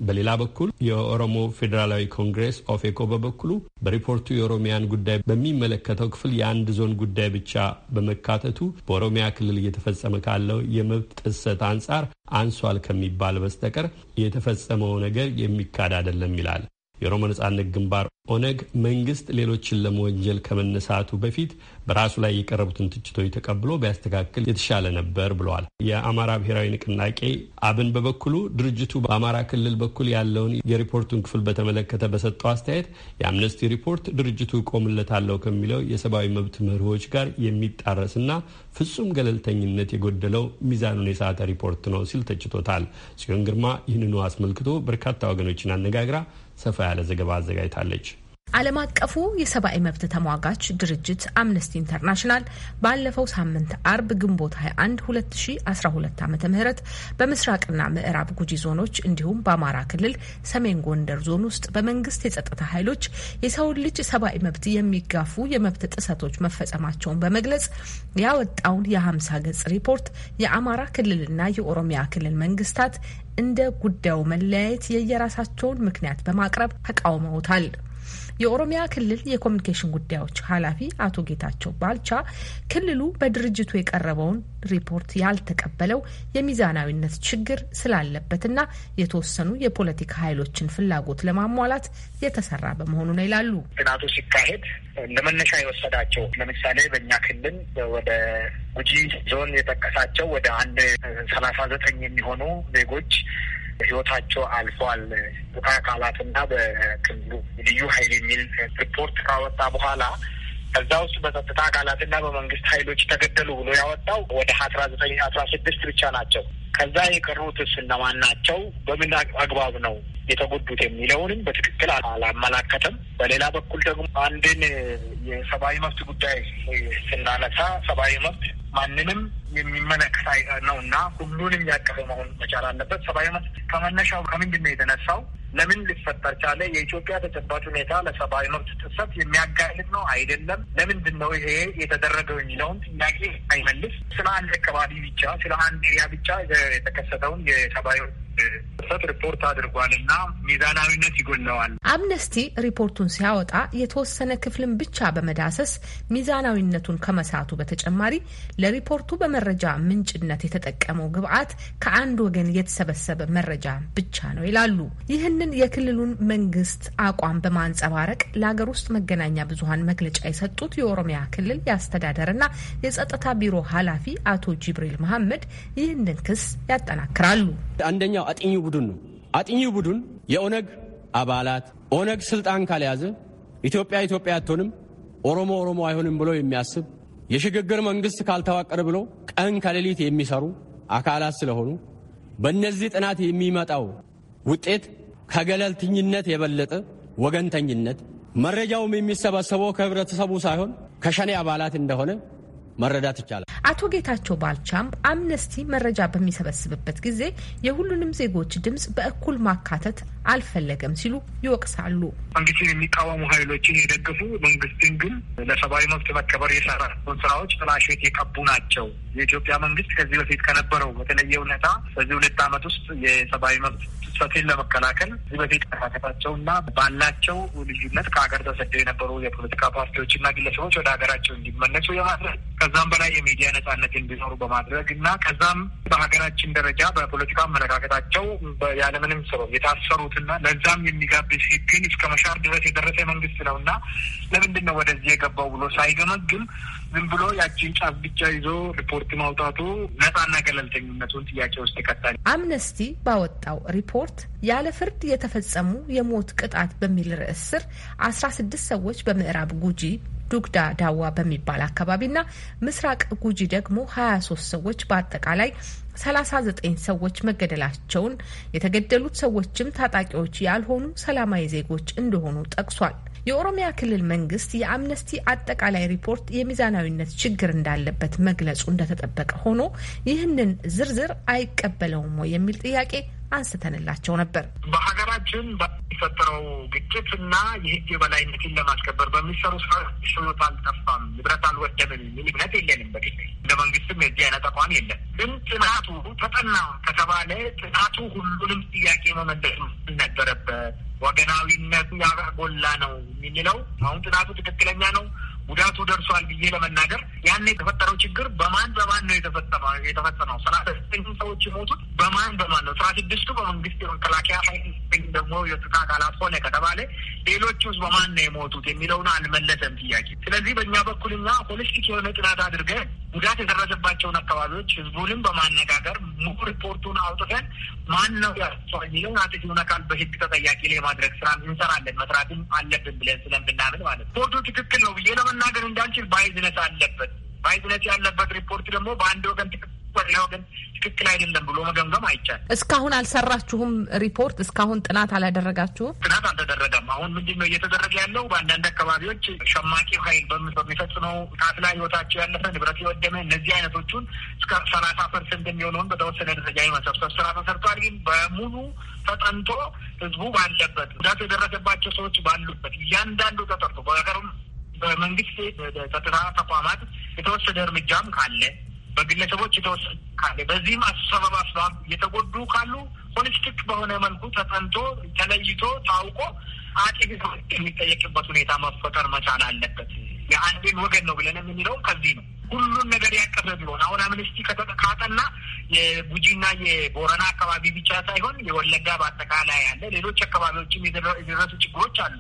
በሌላ በኩል የኦሮሞ ፌዴራላዊ ኮንግሬስ ኦፌኮ በበኩሉ በሪፖርቱ የኦሮሚያን ጉዳይ በሚመለከተው ክፍል የአንድ ዞን ጉዳይ ብቻ በመካተቱ በኦሮሚያ ክልል እየተፈጸመ ካለው የመብት ጥሰት አንጻር አንሷል ከሚባል በስተቀር የተፈጸመው ነገር የሚካድ አይደለም ይላል። የኦሮሞ ነጻነት ግንባር ኦነግ መንግስት ሌሎችን ለመወንጀል ከመነሳቱ በፊት በራሱ ላይ የቀረቡትን ትችቶች ተቀብሎ ቢያስተካክል የተሻለ ነበር ብለዋል። የአማራ ብሔራዊ ንቅናቄ አብን በበኩሉ ድርጅቱ በአማራ ክልል በኩል ያለውን የሪፖርቱን ክፍል በተመለከተ በሰጠው አስተያየት የአምነስቲ ሪፖርት ድርጅቱ ቆምለታለሁ ከሚለው የሰብአዊ መብት መርሆች ጋር የሚጣረስና ፍጹም ገለልተኝነት የጎደለው ሚዛኑን የሳተ ሪፖርት ነው ሲል ተችቶታል። ጽዮን ግርማ ይህንኑ አስመልክቶ በርካታ ወገኖችን አነጋግራ ሰፋ ያለ ዘገባ አዘጋጅታለች። ዓለም አቀፉ የሰብአዊ መብት ተሟጋች ድርጅት አምነስቲ ኢንተርናሽናል ባለፈው ሳምንት አርብ ግንቦት 21 2012 ዓ ም በምስራቅና ምዕራብ ጉጂ ዞኖች እንዲሁም በአማራ ክልል ሰሜን ጎንደር ዞን ውስጥ በመንግስት የጸጥታ ኃይሎች የሰውን ልጅ ሰብአዊ መብት የሚጋፉ የመብት ጥሰቶች መፈጸማቸውን በመግለጽ ያወጣውን የ50 ገጽ ሪፖርት የአማራ ክልልና የኦሮሚያ ክልል መንግስታት እንደ ጉዳዩ መለያየት የየራሳቸውን ምክንያት በማቅረብ ተቃውመውታል። የኦሮሚያ ክልል የኮሚኒኬሽን ጉዳዮች ኃላፊ አቶ ጌታቸው ባልቻ ክልሉ በድርጅቱ የቀረበውን ሪፖርት ያልተቀበለው የሚዛናዊነት ችግር ስላለበትና የተወሰኑ የፖለቲካ ኃይሎችን ፍላጎት ለማሟላት የተሰራ በመሆኑ ነው ይላሉ። ጥናቱ ሲካሄድ ለመነሻ የወሰዳቸው ለምሳሌ በእኛ ክልል ወደ ጉጂ ዞን የጠቀሳቸው ወደ አንድ ሰላሳ ዘጠኝ የሚሆኑ ዜጎች ህይወታቸው አልፏል አካላትና በክልሉ ልዩ ኃይል የሚል ሪፖርት ካወጣ በኋላ ከዛ ውስጥ በጸጥታ አካላትና በመንግስት ኃይሎች ተገደሉ ብሎ ያወጣው ወደ አስራ ዘጠኝ አስራ ስድስት ብቻ ናቸው። ከዛ የቀሩትስ እነማን ናቸው? በምን አግባብ ነው የተጎዱት የሚለውንም በትክክል አላመላከተም። በሌላ በኩል ደግሞ አንድን የሰብአዊ መብት ጉዳይ ስናነሳ ሰብአዊ መብት ማንንም የሚመለከት ነው እና ሁሉንም ያቀፈ መሆን መቻል አለበት። ሰብአዊ መብት ከመነሻው ከምንድን ነው የተነሳው? ለምን ሊፈጠር ቻለ? የኢትዮጵያ ተጨባጭ ሁኔታ ለሰብአዊ መብት ጥሰት የሚያጋልጥ ነው አይደለም? ለምንድን ነው ይሄ የተደረገው የሚለውን ጥያቄ አይመልስ። ስለ አንድ አካባቢ ብቻ ስለ አንድ ኤሪያ ብቻ የተከሰተውን የሰብአዊ ሰጥ ሪፖርት አድርጓል እና ሚዛናዊነት ይጎለዋል። አምነስቲ ሪፖርቱን ሲያወጣ የተወሰነ ክፍልን ብቻ በመዳሰስ ሚዛናዊነቱን ከመሳቱ በተጨማሪ ለሪፖርቱ በመረጃ ምንጭነት የተጠቀመው ግብዓት ከአንድ ወገን የተሰበሰበ መረጃ ብቻ ነው ይላሉ። ይህንን የክልሉን መንግስት አቋም በማንጸባረቅ ለሀገር ውስጥ መገናኛ ብዙኃን መግለጫ የሰጡት የኦሮሚያ ክልል የአስተዳደርና የጸጥታ ቢሮ ኃላፊ አቶ ጅብሪል መሐመድ ይህንን ክስ ያጠናክራሉ። አንደኛ ሌላው አጥኚ ቡድን ነው። አጥኚ ቡድን የኦነግ አባላት ኦነግ ስልጣን ካልያዘ ኢትዮጵያ ኢትዮጵያ አትሆንም፣ ኦሮሞ ኦሮሞ አይሆንም ብሎ የሚያስብ የሽግግር መንግስት ካልተዋቀረ ብሎ ቀን ከሌሊት የሚሰሩ አካላት ስለሆኑ በእነዚህ ጥናት የሚመጣው ውጤት ከገለልተኝነት የበለጠ ወገንተኝነት፣ መረጃውም የሚሰበሰበው ከህብረተሰቡ ሳይሆን ከሸኔ አባላት እንደሆነ መረዳት ይቻላል። አቶ ጌታቸው ባልቻም አምነስቲ መረጃ በሚሰበስብበት ጊዜ የሁሉንም ዜጎች ድምፅ በእኩል ማካተት አልፈለገም ሲሉ ይወቅሳሉ። መንግስትን የሚቃወሙ ኃይሎችን የደግፉ መንግስትን ግን ለሰብአዊ መብት መከበር የሰራ ስራዎች ጥላሸት የቀቡ ናቸው። የኢትዮጵያ መንግስት ከዚህ በፊት ከነበረው በተለየ ሁኔታ በዚህ ሁለት ዓመት ውስጥ የሰብአዊ መብት ጥሰትን ለመከላከል ከዚህ በፊት ከተካተታቸውና ባላቸው ልዩነት ከሀገር ተሰደው የነበሩ የፖለቲካ ፓርቲዎችና ግለሰቦች ወደ ሀገራቸው እንዲመለሱ የማድረግ ከዛም በላይ የሚዲያ ነጻነት እንዲኖሩ በማድረግ እና ከዛም በሀገራችን ደረጃ በፖለቲካ አመለካከታቸው ያለምንም ስበብ የታሰሩ እና ለዛም የሚጋብዝ ህግን እስከ መሻር ድረስ የደረሰ መንግስት ነው እና ለምንድን ነው ወደዚህ የገባው ብሎ ሳይገመግም ዝም ብሎ ያቺን ጫፍ ብቻ ይዞ ሪፖርት ማውጣቱ ነጻና ገለልተኝነቱን ጥያቄ ውስጥ ይከታል። አምነስቲ ባወጣው ሪፖርት ያለ ፍርድ የተፈጸሙ የሞት ቅጣት በሚል ርዕስ ስር አስራ ስድስት ሰዎች በምዕራብ ጉጂ ዱግዳ ዳዋ በሚባል አካባቢና ምስራቅ ጉጂ ደግሞ ሀያ ሶስት ሰዎች በአጠቃላይ 39 ሰዎች መገደላቸውን የተገደሉት ሰዎችም ታጣቂዎች ያልሆኑ ሰላማዊ ዜጎች እንደሆኑ ጠቅሷል። የኦሮሚያ ክልል መንግስት የአምነስቲ አጠቃላይ ሪፖርት የሚዛናዊነት ችግር እንዳለበት መግለጹ እንደተጠበቀ ሆኖ ይህንን ዝርዝር አይቀበለውም ወይ የሚል ጥያቄ አንስተንላቸው ነበር። ሀገራችን በሚፈጠረው ግጭት እና የህግ የበላይነትን ለማስከበር በሚሰሩ ስራ ሽኖት አልጠፋም፣ ንብረት አልወደምም የሚል እምነት የለንም። በግል እንደ መንግስትም የዚህ አይነት ተቋም የለም። ግን ጥናቱ ተጠና ከተባለ ጥናቱ ሁሉንም ጥያቄ መመለስ ነበረበት። ወገናዊነቱ ያጎላ ነው የሚለው አሁን ጥናቱ ትክክለኛ ነው ጉዳቱ ደርሷል ብዬ ለመናገር ያን የተፈጠረው ችግር በማን በማን ነው የተፈጠረው የተፈጸመው ስራ ሰዎች የሞቱት በማን በማን ነው? ስራ ስድስቱ በመንግስት የመከላከያ ኃይል ደግሞ የፍታ አካላት ሆነ ከተባለ ሌሎቹ ውስጥ በማን ነው የሞቱት የሚለውን አልመለሰም ጥያቄ። ስለዚህ በእኛ በኩልና ሆሊስቲክ የሆነ ጥናት አድርገን ጉዳት የደረሰባቸውን አካባቢዎች ህዝቡንም በማነጋገር ሙሉ ሪፖርቱን አውጥተን ማን ነው ያሷል የሚለውን አጥቂውን አካል በህግ ተጠያቂ ላይ ማድረግ ስራ እንሰራለን መስራትም አለብን ብለን ስለምናምን ማለት ሪፖርቱ ትክክል ነው ብዬ ለመና መናገር እንዳንችል ባይዝነት አለበት። ባይዝነት ያለበት ሪፖርት ደግሞ በአንድ ወገን ትክክል ወገን ትክክል አይደለም ብሎ መገምገም አይቻል። እስካሁን አልሰራችሁም ሪፖርት እስካሁን ጥናት አላደረጋችሁም? ጥናት አልተደረገም። አሁን ምንድን ነው እየተደረገ ያለው? በአንዳንድ አካባቢዎች ሸማቂ ኃይል በሚፈጽመው ጥቃት ላይ ህይወታቸው ያለፈ ንብረት የወደመ እነዚህ አይነቶቹን እስከ ሰላሳ ፐርሰንት የሚሆነውን በተወሰነ ደረጃ የመሰብሰብ ስራ ተሰርቷል። ግን በሙሉ ተጠንቶ ህዝቡ ባለበት ጉዳት የደረሰባቸው ሰዎች ባሉበት እያንዳንዱ ተጠርቶ በገርም በመንግስት በጸጥታ ተቋማት የተወሰደ እርምጃም ካለ በግለሰቦች የተወሰደ ካለ በዚህም አሰበብ አስባብ የተጎዱ ካሉ ሆሊስቲክ በሆነ መልኩ ተጠንቶ ተለይቶ ታውቆ አጥቂ የሚጠየቅበት ሁኔታ መፈጠር መቻል አለበት። የአንድን ወገን ነው ብለን የምንለውም ከዚህ ነው። ሁሉን ነገር ያቀፈ ቢሆን አሁን አምነስቲ ከተጠቃጠና የጉጂና የቦረና አካባቢ ብቻ ሳይሆን የወለጋ በአጠቃላይ ያለ ሌሎች አካባቢዎችም የደረሱ ችግሮች አሉ።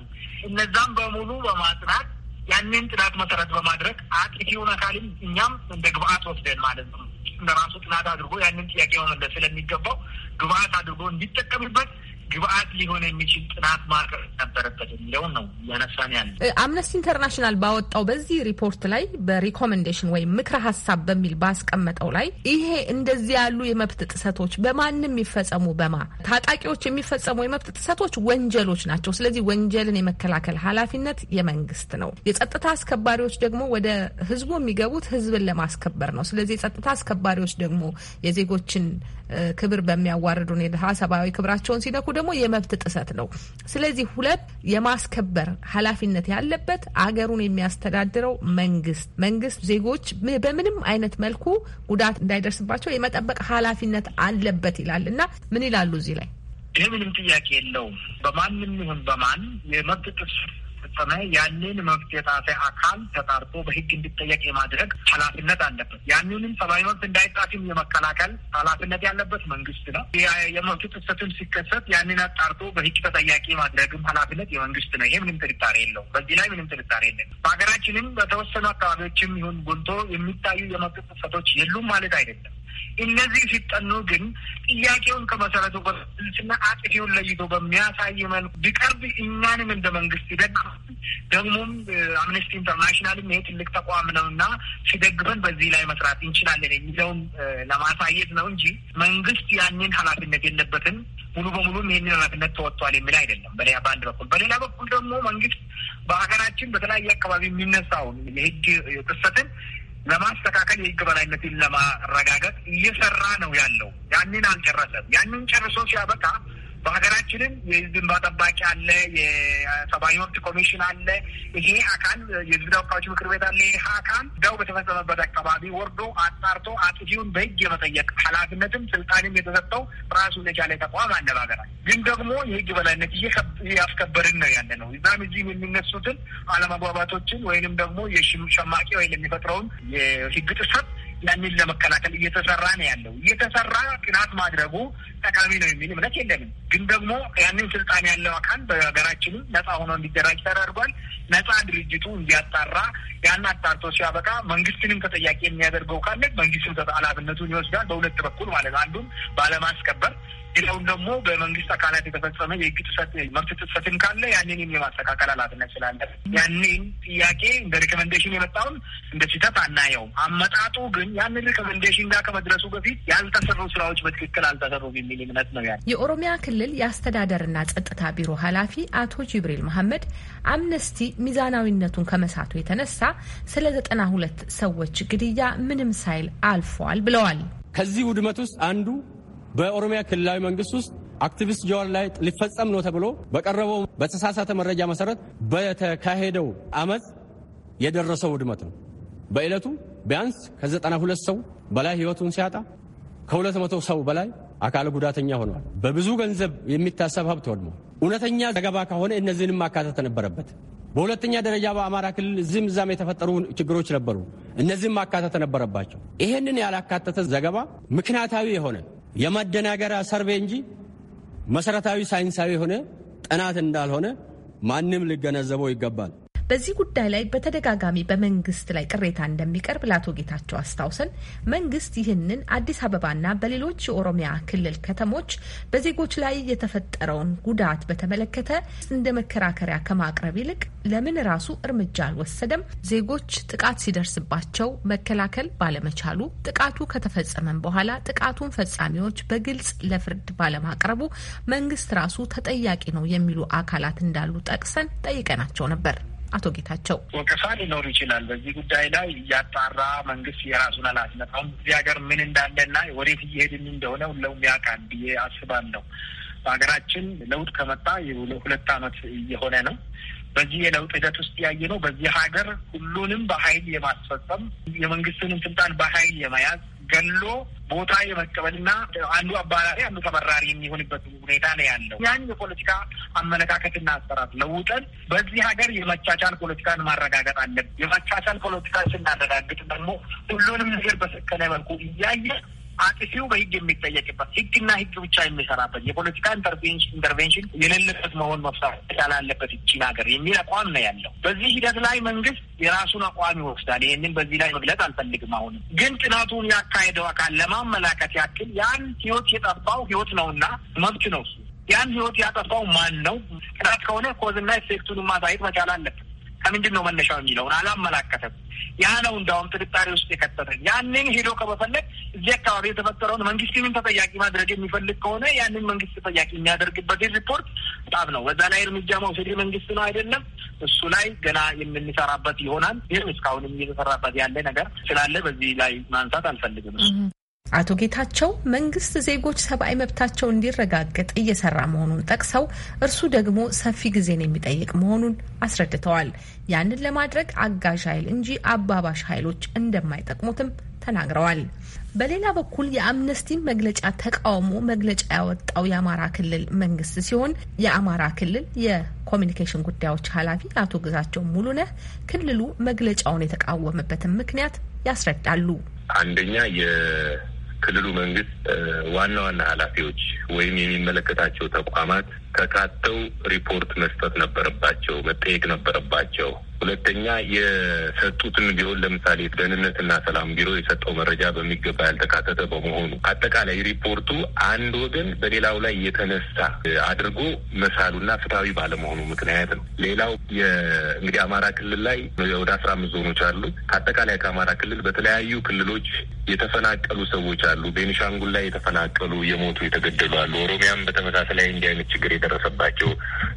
እነዛም በሙሉ በማጥናት ያንን ጥናት መሰረት በማድረግ አጥቂውን አካልም እኛም እንደ ግብአት ወስደን ማለት ነው ራሱ ጥናት አድርጎ ያንን ጥያቄ መመለስ ስለሚገባው ግብአት አድርጎ እንዲጠቀምበት ግብአት ሊሆን የሚችል ጥናት ማቅረብ ነበረበት የሚለውን ነው እያነሳን ያለ። አምነስቲ ኢንተርናሽናል ባወጣው በዚህ ሪፖርት ላይ በሪኮሜንዴሽን ወይም ምክረ ሀሳብ በሚል ባስቀመጠው ላይ ይሄ እንደዚህ ያሉ የመብት ጥሰቶች በማንም የሚፈጸሙ በማ ታጣቂዎች የሚፈጸሙ የመብት ጥሰቶች ወንጀሎች ናቸው። ስለዚህ ወንጀልን የመከላከል ኃላፊነት የመንግስት ነው። የጸጥታ አስከባሪዎች ደግሞ ወደ ህዝቡ የሚገቡት ህዝብን ለማስከበር ነው። ስለዚህ የጸጥታ አስከባሪዎች ደግሞ የዜጎችን ክብር በሚያዋርድ ሁኔታ ሰብአዊ ክብራቸውን ሲነኩ ደግሞ የመብት ጥሰት ነው። ስለዚህ ሁለት የማስከበር ኃላፊነት ያለበት አገሩን የሚያስተዳድረው መንግስት መንግስት ዜጎች በምንም አይነት መልኩ ጉዳት እንዳይደርስባቸው የመጠበቅ ኃላፊነት አለበት ይላል እና ምን ይላሉ እዚህ ላይ? ይህ ምንም ጥያቄ የለውም። በማንም ይሁን በማን የመብት ጥሰት ከተፈጸመ ያንን መብት አካል ተጣርቶ በህግ እንዲጠየቅ የማድረግ ኃላፊነት አለበት። ያንንም ሰብአዊ መብት እንዳይጣስም የመከላከል ኃላፊነት ያለበት መንግስት ነው። የመብቱ ጥሰትም ሲከሰት ያንን አጣርቶ በህግ ተጠያቂ ማድረግም ኃላፊነት የመንግስት ነው። ይሄ ምንም ጥርጣሬ የለውም። በዚህ ላይ ምንም ጥርጣሬ የለም። በሀገራችንም በተወሰኑ አካባቢዎችም ይሁን ጎልቶ የሚታዩ የመብት ጥሰቶች የሉም ማለት አይደለም። እነዚህ ሲጠኑ ግን ጥያቄውን ከመሰረቱ በስና አጥፊውን ለይቶ በሚያሳይ መልኩ ቢቀርብ እኛንም እንደ መንግስት ይደግፋል። ደግሞም አምነስቲ ኢንተርናሽናልም ይሄ ትልቅ ተቋም ነው እና ሲደግፈን በዚህ ላይ መስራት እንችላለን የሚለውን ለማሳየት ነው እንጂ መንግስት ያንን ኃላፊነት የለበትም ሙሉ በሙሉም ይህንን ኃላፊነት ተወጥቷል የሚል አይደለም። በሌላ በአንድ በኩል በሌላ በኩል ደግሞ መንግስት በሀገራችን በተለያየ አካባቢ የሚነሳውን የህግ ጥሰትን ለማስተካከል የህግ በላይነትን ለማረጋገጥ እየሰራ ነው ያለው። ያንን አልጨረሰም። ያንን ጨርሶ ሲያበቃ በሀገራችንም የህዝብ እንባ ጠባቂ አለ፣ የሰብአዊ መብት ኮሚሽን አለ። ይሄ አካል የህዝብ ተወካዮች ምክር ቤት አለ። ይህ አካል ደው በተፈጸመበት አካባቢ ወርዶ አጣርቶ አጥፊውን በህግ የመጠየቅ ኃላፊነትም ስልጣንም የተሰጠው ራሱን የቻለ ተቋም አለ። በሀገራችን ግን ደግሞ የህግ በላይነት እያስከበርን ነው ያለ ነው። እዛም እዚህም የሚነሱትን አለመግባባቶችን ወይንም ደግሞ የሸማቂ ወይም የሚፈጥረውን የህግ ጥሰት ያንን ለመከላከል እየተሰራ ነው ያለው። እየተሰራ ጥናት ማድረጉ ጠቃሚ ነው የሚል እምነት የለንም። ግን ደግሞ ያንን ስልጣን ያለው አካል በሀገራችንም ነጻ ሆኖ እንዲደራጅ ተደርጓል። ነጻ ድርጅቱ እንዲያጣራ ያን አጣርቶ ሲያበቃ መንግስትንም ተጠያቂ የሚያደርገው ካለ መንግስትም ኃላፊነቱን ይወስዳል። በሁለት በኩል ማለት አንዱን ባለማስከበር ሌላውን ደግሞ በመንግስት አካላት የተፈጸመ የህግ ጥሰት መብት ጥሰትም ካለ ያንንም የማስተካከል ኃላፊነት ስላለ ያንን ጥያቄ እንደ ሪኮመንዴሽን የመጣውን እንደ ስህተት አናየውም። አመጣጡ ግን ያንን ሪኮመንዴሽን ጋር ከመድረሱ በፊት ያልተሰሩ ስራዎች በትክክል አልተሰሩም የሚል እምነት ነው ያለ የኦሮሚያ ክልል የአስተዳደርና ጸጥታ ቢሮ ኃላፊ አቶ ጅብሪል መሐመድ አምነስቲ ሚዛናዊነቱን ከመሳቱ የተነሳ ስለ ዘጠና ሁለት ሰዎች ግድያ ምንም ሳይል አልፏል ብለዋል። ከዚህ ውድመት ውስጥ አንዱ በኦሮሚያ ክልላዊ መንግስት ውስጥ አክቲቪስት ጀዋር ላይ ሊፈጸም ነው ተብሎ በቀረበው በተሳሳተ መረጃ መሰረት በተካሄደው አመፅ የደረሰው ውድመት ነው። በዕለቱ ቢያንስ ከ92 ሰው በላይ ህይወቱን ሲያጣ ከ200 ሰው በላይ አካል ጉዳተኛ ሆኗል። በብዙ ገንዘብ የሚታሰብ ሀብት ወድሟል። እውነተኛ ዘገባ ከሆነ እነዚህንም ማካተት ነበረበት። በሁለተኛ ደረጃ በአማራ ክልል እዚህም እዛም የተፈጠሩ ችግሮች ነበሩ። እነዚህም ማካተት ነበረባቸው። ይሄንን ያላካተተ ዘገባ ምክንያታዊ የሆነ የማደናገሪያ ሰርቬ እንጂ መሰረታዊ ሳይንሳዊ የሆነ ጥናት እንዳልሆነ ማንም ሊገነዘበው ይገባል። በዚህ ጉዳይ ላይ በተደጋጋሚ በመንግስት ላይ ቅሬታ እንደሚቀርብ ለአቶ ጌታቸው አስታውሰን መንግስት ይህንን አዲስ አበባና በሌሎች የኦሮሚያ ክልል ከተሞች በዜጎች ላይ የተፈጠረውን ጉዳት በተመለከተ እንደ መከራከሪያ ከማቅረብ ይልቅ ለምን ራሱ እርምጃ አልወሰደም? ዜጎች ጥቃት ሲደርስባቸው መከላከል ባለመቻሉ ጥቃቱ ከተፈጸመም በኋላ ጥቃቱን ፈጻሚዎች በግልጽ ለፍርድ ባለማቅረቡ መንግስት ራሱ ተጠያቂ ነው የሚሉ አካላት እንዳሉ ጠቅሰን ጠይቀናቸው ነበር። አቶ ጌታቸው ወቀሳ ሊኖር ይችላል። በዚህ ጉዳይ ላይ እያጣራ መንግስት የራሱን ኃላፊነት አሁን እዚህ ሀገር ምን እንዳለና ወዴት እየሄድን እንደሆነ ሁለውም ያውቃል ብዬ አስባለሁ። በሀገራችን ለውጥ ከመጣ ሁለት ዓመት እየሆነ ነው። በዚህ የለውጥ ሂደት ውስጥ ያየ ነው። በዚህ ሀገር ሁሉንም በኃይል የማስፈጸም የመንግስትንም ስልጣን በኃይል የመያዝ ገሎ ቦታ የመቀበልና አንዱ አባራሪ አንዱ ተመራሪ የሚሆንበት ሁኔታ ነው ያለው። ያን የፖለቲካ አመለካከትና አሰራር ለውጠን በዚህ ሀገር የመቻቻል ፖለቲካን ማረጋገጥ አለብን። የመቻቻል ፖለቲካ ስናረጋግጥ ደግሞ ሁሉንም ነገር በሰከነ መልኩ እያየ አጥፊው በህግ የሚጠየቅበት ህግና ህግ ብቻ የሚሰራበት የፖለቲካ ኢንተርቬንሽን የሌለበት መሆን መፍታት ያላለበት ይቺን ሀገር የሚል አቋም ነው ያለው። በዚህ ሂደት ላይ መንግስት የራሱን አቋም ይወስዳል። ይህንን በዚህ ላይ መግለጽ አልፈልግም። አሁንም ግን ጥናቱን ያካሄደው አካል ለማመላከት ያክል ያን ህይወት የጠፋው ህይወት ነውና መብት ነው። ያን ህይወት ያጠፋው ማን ነው? ጥናት ከሆነ ኮዝና ኢፌክቱን ማሳየት መቻል አለበት። ከምንድን ነው መነሻው የሚለውን አላመላከተም። ያ ነው እንዲያውም ጥርጣሬ ውስጥ የከተተን። ያንን ሄዶ ከመፈለግ እዚህ አካባቢ የተፈጠረውን መንግስትንም ተጠያቂ ማድረግ የሚፈልግ ከሆነ ያንን መንግስት ተጠያቂ የሚያደርግበት ሪፖርት በጣም ነው። በዛ ላይ እርምጃ መውሰድ መንግስት ነው አይደለም፣ እሱ ላይ ገና የምንሰራበት ይሆናል። ይህም እስካሁንም እየተሰራበት ያለ ነገር ስላለ በዚህ ላይ ማንሳት አልፈልግም። አቶ ጌታቸው መንግስት ዜጎች ሰብአዊ መብታቸው እንዲረጋገጥ እየሰራ መሆኑን ጠቅሰው እርሱ ደግሞ ሰፊ ጊዜን የሚጠይቅ መሆኑን አስረድተዋል። ያንን ለማድረግ አጋዥ ኃይል እንጂ አባባሽ ኃይሎች እንደማይጠቅሙትም ተናግረዋል። በሌላ በኩል የአምነስቲ መግለጫ ተቃውሞ መግለጫ ያወጣው የአማራ ክልል መንግስት ሲሆን የአማራ ክልል የኮሚኒኬሽን ጉዳዮች ኃላፊ አቶ ግዛቸው ሙሉነህ ክልሉ መግለጫውን የተቃወመበትን ምክንያት ያስረዳሉ። አንደኛ ክልሉ መንግስት ዋና ዋና ኃላፊዎች ወይም የሚመለከታቸው ተቋማት ተካተው ሪፖርት መስጠት ነበረባቸው፣ መጠየቅ ነበረባቸው። ሁለተኛ የሰጡትን ቢሆን ለምሳሌ ደህንነትና ሰላም ቢሮ የሰጠው መረጃ በሚገባ ያልተካተተ በመሆኑ አጠቃላይ ሪፖርቱ አንድ ወገን በሌላው ላይ የተነሳ አድርጎ መሳሉና ፍትሐዊ ባለመሆኑ ምክንያት ነው። ሌላው እንግዲህ አማራ ክልል ላይ ወደ አስራ አምስት ዞኖች አሉ። ከአጠቃላይ ከአማራ ክልል በተለያዩ ክልሎች የተፈናቀሉ ሰዎች አሉ። ቤኒሻንጉል ላይ የተፈናቀሉ የሞቱ የተገደሉ አሉ። ኦሮሚያም በተመሳሳይ እንዲህ አይነት ችግር የደረሰባቸው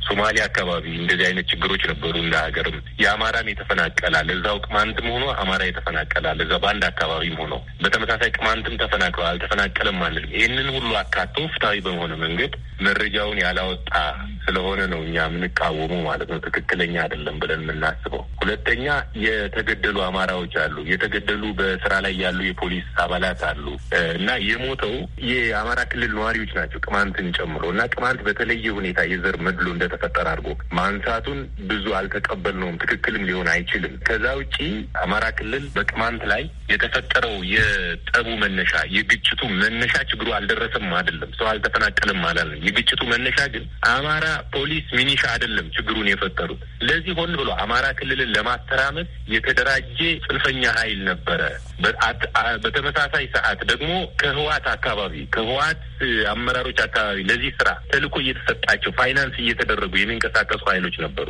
ሶማሊያ አካባቢ እንደዚህ አይነት ችግሮች ነበሩ እንደ ሀገርም ያ አማራም የተፈናቀላል እዛው ቅማንትም ሆኖ አማራ የተፈናቀላል እዛ በአንድ አካባቢም ሆኖ በተመሳሳይ ቅማንትም ተፈናቅሏል አልተፈናቀለም አንልም። ይህንን ሁሉ አካቶ ፍትሐዊ በሆነ መንገድ መረጃውን ያላወጣ ስለሆነ ነው እኛ የምንቃወሙ ማለት ነው። ትክክለኛ አይደለም ብለን የምናስበው። ሁለተኛ የተገደሉ አማራዎች አሉ፣ የተገደሉ በስራ ላይ ያሉ የፖሊስ አባላት አሉ እና የሞተው የአማራ ክልል ነዋሪዎች ናቸው ቅማንትን ጨምሮ እና ቅማንት በተለየ ሁኔታ የዘር መድሎ እንደተፈጠረ አድርጎ ማንሳቱን ብዙ አልተቀበልነውም። ትክክል ትክክልም ሊሆን አይችልም። ከዛ ውጪ አማራ ክልል በቅማንት ላይ የተፈጠረው የጠቡ መነሻ የግጭቱ መነሻ ችግሩ አልደረሰም አይደለም፣ ሰው አልተፈናቀለም አላለም። የግጭቱ መነሻ ግን አማራ ፖሊስ ሚኒሻ አይደለም ችግሩን የፈጠሩት። ለዚህ ሆን ብሎ አማራ ክልልን ለማተራመስ የተደራጀ ጽንፈኛ ኃይል ነበረ። በተመሳሳይ ሰዓት ደግሞ ከህዋት አካባቢ ከህዋት አመራሮች አካባቢ ለዚህ ስራ ተልእኮ እየተሰጣቸው ፋይናንስ እየተደረጉ የሚንቀሳቀሱ ኃይሎች ነበሩ።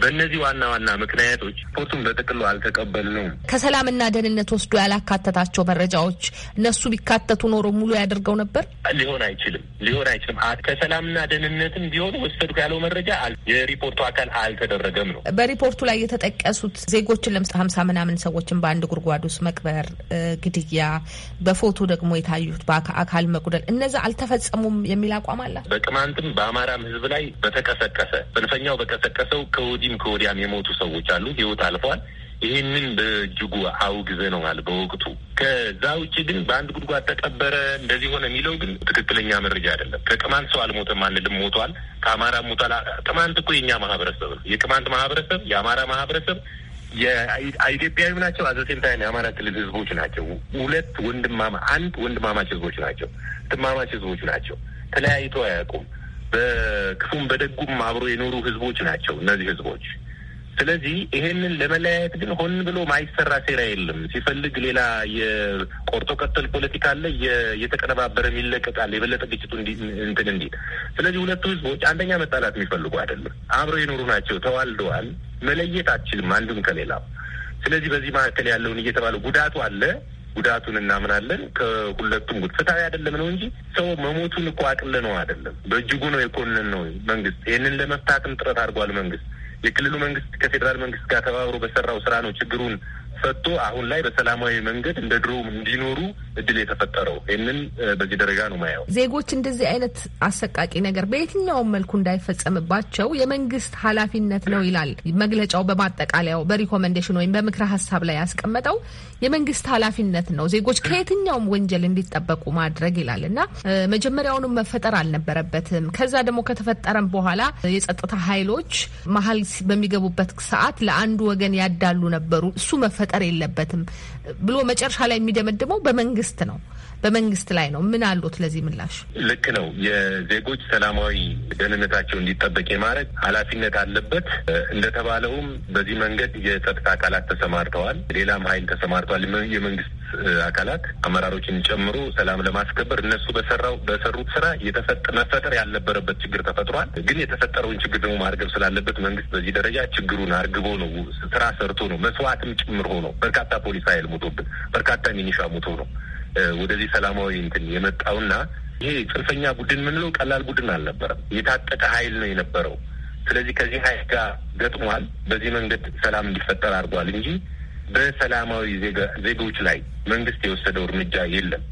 በእነዚህ ዋና ዋና ምክንያቶች ስፖርቱን በጥቅሉ አልተቀበልነውም። ከሰላምና ደህንነት ወስዶ ያላካተታቸው መረጃዎች እነሱ ቢካተቱ ኖሮ ሙሉ ያደርገው ነበር። ሊሆን አይችልም፣ ሊሆን አይችልም። ከሰላምና ደህንነትም ቢሆን ወሰድኩ ያለው መረጃ የሪፖርቱ አካል አልተደረገም ነው። በሪፖርቱ ላይ የተጠቀሱት ዜጎችን ለምስ ሀምሳ ምናምን ሰዎችን በአንድ ጉድጓድ ውስጥ መቅበር፣ ግድያ፣ በፎቶ ደግሞ የታዩት በአካል መጉደል፣ እነዛ አልተፈጸሙም የሚል አቋም አላት። በቅማንትም በአማራም ህዝብ ላይ በተቀሰቀሰ ጽንፈኛው በቀሰቀሰው ከውድ ከወዲህም ከወዲያም የሞቱ ሰዎች አሉ፣ ህይወት አልፏል። ይህንን በእጅጉ አውግዘነዋል በወቅቱ። ከዛ ውጭ ግን በአንድ ጉድጓድ ተቀበረ እንደዚህ ሆነ የሚለው ግን ትክክለኛ መረጃ አይደለም። ከቅማንት ሰው አልሞተም አንልም፣ ሞቷል። ከአማራ ሞቷል። ቅማንት እኮ የእኛ ማህበረሰብ ነው። የቅማንት ማህበረሰብ፣ የአማራ ማህበረሰብ የኢትዮጵያዊ ናቸው። አዘሴንታይን የአማራ ክልል ህዝቦች ናቸው። ሁለት ወንድማማ አንድ ወንድማማች ህዝቦች ናቸው። ትማማች ህዝቦች ናቸው። ተለያይቶ አያውቁም። በክፉም በደጉም አብሮ የኖሩ ህዝቦች ናቸው እነዚህ ህዝቦች። ስለዚህ ይሄንን ለመለያየት ግን ሆን ብሎ ማይሰራ ሴራ የለም። ሲፈልግ ሌላ የቆርጦ ቀጠል ፖለቲካ አለ፣ እየተቀነባበረ ይለቀቃል፣ የበለጠ ግጭቱ እንትን እንዲል። ስለዚህ ሁለቱ ህዝቦች አንደኛ መጣላት የሚፈልጉ አይደለም፣ አብረው የኖሩ ናቸው፣ ተዋልደዋል። መለየት አችልም አንዱን ከሌላው። ስለዚህ በዚህ መካከል ያለውን እየተባለ ጉዳቱ አለ ጉዳቱን እናምናለን። ከሁለቱም ጉድ ፍትሐዊ አይደለም ነው እንጂ ሰው መሞቱን እኮ አቅልነው ነው አይደለም በእጅጉ ነው የኮንን ነው መንግስት። ይህንን ለመፍታትም ጥረት አድርጓል መንግስት። የክልሉ መንግስት ከፌዴራል መንግስት ጋር ተባብሮ በሰራው ስራ ነው ችግሩን ሰጥቶ አሁን ላይ በሰላማዊ መንገድ እንደ ድሮ እንዲኖሩ እድል የተፈጠረው ይህንን በዚህ ደረጃ ነው ማየው። ዜጎች እንደዚህ አይነት አሰቃቂ ነገር በየትኛውም መልኩ እንዳይፈጸምባቸው የመንግስት ኃላፊነት ነው ይላል መግለጫው። በማጠቃለያው በሪኮመንዴሽን ወይም በምክረ ሀሳብ ላይ ያስቀመጠው የመንግስት ኃላፊነት ነው ዜጎች ከየትኛውም ወንጀል እንዲጠበቁ ማድረግ ይላል እና መጀመሪያውንም መፈጠር አልነበረበትም። ከዛ ደግሞ ከተፈጠረም በኋላ የጸጥታ ኃይሎች መሀል በሚገቡበት ሰዓት ለአንዱ ወገን ያዳሉ ነበሩ። እሱ መፈ መፈጠር የለበትም ብሎ መጨረሻ ላይ የሚደመድመው በመንግስት ነው። በመንግስት ላይ ነው። ምን አሉት ለዚህ ምላሽ? ልክ ነው። የዜጎች ሰላማዊ ደህንነታቸው እንዲጠበቅ የማድረግ ኃላፊነት አለበት። እንደተባለውም በዚህ መንገድ የጸጥታ አካላት ተሰማርተዋል፣ ሌላም ሀይል ተሰማርተዋል። የመንግስት አካላት አመራሮችን ጨምሮ ሰላም ለማስከበር እነሱ በሰራው በሰሩት ስራ መፈጠር ያልነበረበት ችግር ተፈጥሯል። ግን የተፈጠረውን ችግር ደግሞ ማርገብ ስላለበት መንግስት በዚህ ደረጃ ችግሩን አርግቦ ነው ስራ ሰርቶ ነው መስዋዕትም ጭምር ሆኖ በርካታ ፖሊስ ሀይል ሞቶብን፣ በርካታ ሚኒሻ ሞቶ ነው ወደዚህ ሰላማዊ እንትን የመጣውና ይሄ ጽንፈኛ ቡድን የምንለው ቀላል ቡድን አልነበረም። የታጠቀ ኃይል ነው የነበረው። ስለዚህ ከዚህ ኃይል ጋር ገጥሟል። በዚህ መንገድ ሰላም እንዲፈጠር አድርጓል እንጂ በሰላማዊ ዜጎች ላይ መንግስት የወሰደው እርምጃ የለም።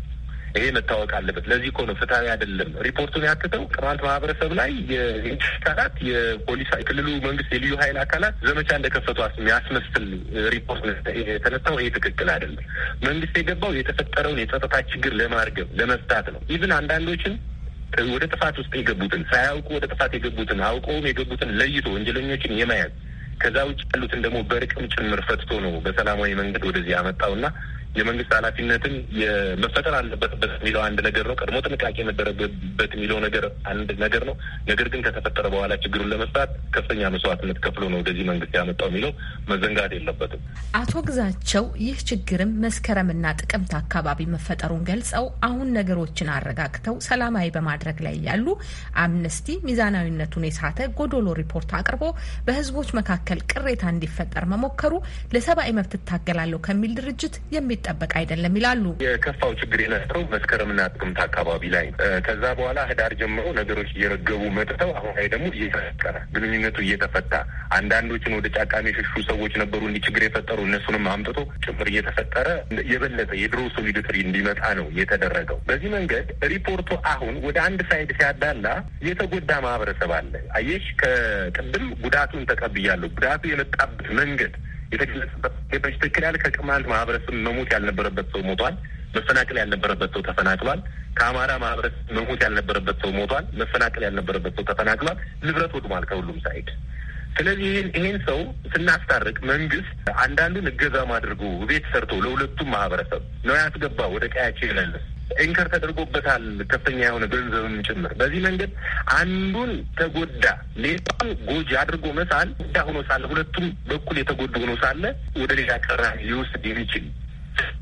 ይሄ መታወቅ አለበት። ለዚህ እኮ ነው ፍትሐዊ አይደለም ሪፖርቱን ያክተው ቅማንት ማህበረሰብ ላይ የኢንሽ የፖሊስ የክልሉ መንግስት የልዩ ኃይል አካላት ዘመቻ እንደከፈቱ የሚያስመስል ሪፖርት የተነሳው ይሄ ትክክል አይደለም። መንግስት የገባው የተፈጠረውን የጸጥታ ችግር ለማርገብ ለመፍታት ነው። ኢቭን አንዳንዶችን ወደ ጥፋት ውስጥ የገቡትን ሳያውቁ ወደ ጥፋት የገቡትን አውቀውም የገቡትን ለይቶ ወንጀለኞችን የመያዝ ከዛ ውጭ ያሉትን ደግሞ በርቅም ጭምር ፈትቶ ነው በሰላማዊ መንገድ ወደዚህ ያመጣውና የመንግስት ኃላፊነትም መፈጠር አለበት የሚለው አንድ ነገር ነው። ቀድሞ ጥንቃቄ መደረግበት የሚለው ነገር አንድ ነገር ነው። ነገር ግን ከተፈጠረ በኋላ ችግሩን ለመፍታት ከፍተኛ መስዋዕትነት ከፍሎ ነው ወደዚህ መንግስት ያመጣው የሚለው መዘንጋት የለበትም። አቶ ግዛቸው ይህ ችግርም መስከረምና ጥቅምት አካባቢ መፈጠሩን ገልጸው አሁን ነገሮችን አረጋግተው ሰላማዊ በማድረግ ላይ ያሉ አምነስቲ ሚዛናዊነቱን የሳተ ጎዶሎ ሪፖርት አቅርቦ በህዝቦች መካከል ቅሬታ እንዲፈጠር መሞከሩ ለሰብአዊ መብት እታገላለሁ ከሚል ድርጅት የሚ የሚጠበቅ አይደለም ይላሉ። የከፋው ችግር የነበረው መስከረምና ጥቅምት አካባቢ ላይ ከዛ በኋላ ህዳር ጀምሮ ነገሮች እየረገቡ መጥተው አሁን ላይ ደግሞ እየተፈጠረ ግንኙነቱ እየተፈታ አንዳንዶችን ወደ ጫቃሚ የሸሹ ሰዎች ነበሩ እንዲህ ችግር የፈጠሩ እነሱንም አምጥቶ ጭምር እየተፈጠረ የበለጠ የድሮ ሶሊድትሪ እንዲመጣ ነው የተደረገው። በዚህ መንገድ ሪፖርቱ አሁን ወደ አንድ ሳይድ ሲያዳላ የተጎዳ ማህበረሰብ አለ። አየሽ፣ ከቅድም ጉዳቱን ተቀብያለሁ። ጉዳቱ የመጣበት መንገድ የተገለጸበት ሁኔታዎች ትክክል ማህበረሰብ መሞት ያልነበረበት ሰው ሞቷል። መፈናቀል ያልነበረበት ሰው ተፈናቅሏል። ከአማራ ማህበረሰብ መሞት ያልነበረበት ሰው ሞቷል። መፈናቀል ያልነበረበት ሰው ተፈናቅሏል። ንብረት ወድሟል ከሁሉም ሳይድ። ስለዚህ ይህን ይህን ሰው ስናስታርቅ መንግስት አንዳንዱን እገዛም አድርጎ ቤት ሰርቶ ለሁለቱም ማህበረሰብ ነው ያስገባ ወደ ቀያቸው ይመለስ ኤንከር ተደርጎበታል ከፍተኛ የሆነ ገንዘብም ጭምር። በዚህ መንገድ አንዱን ተጎዳ ሌላውን ጎጂ አድርጎ መሳል ዳ ሆኖ ሳለ ሁለቱም በኩል የተጎዱ ሆኖ ሳለ ወደ ሌላ ቀራ ሊወስድ የሚችል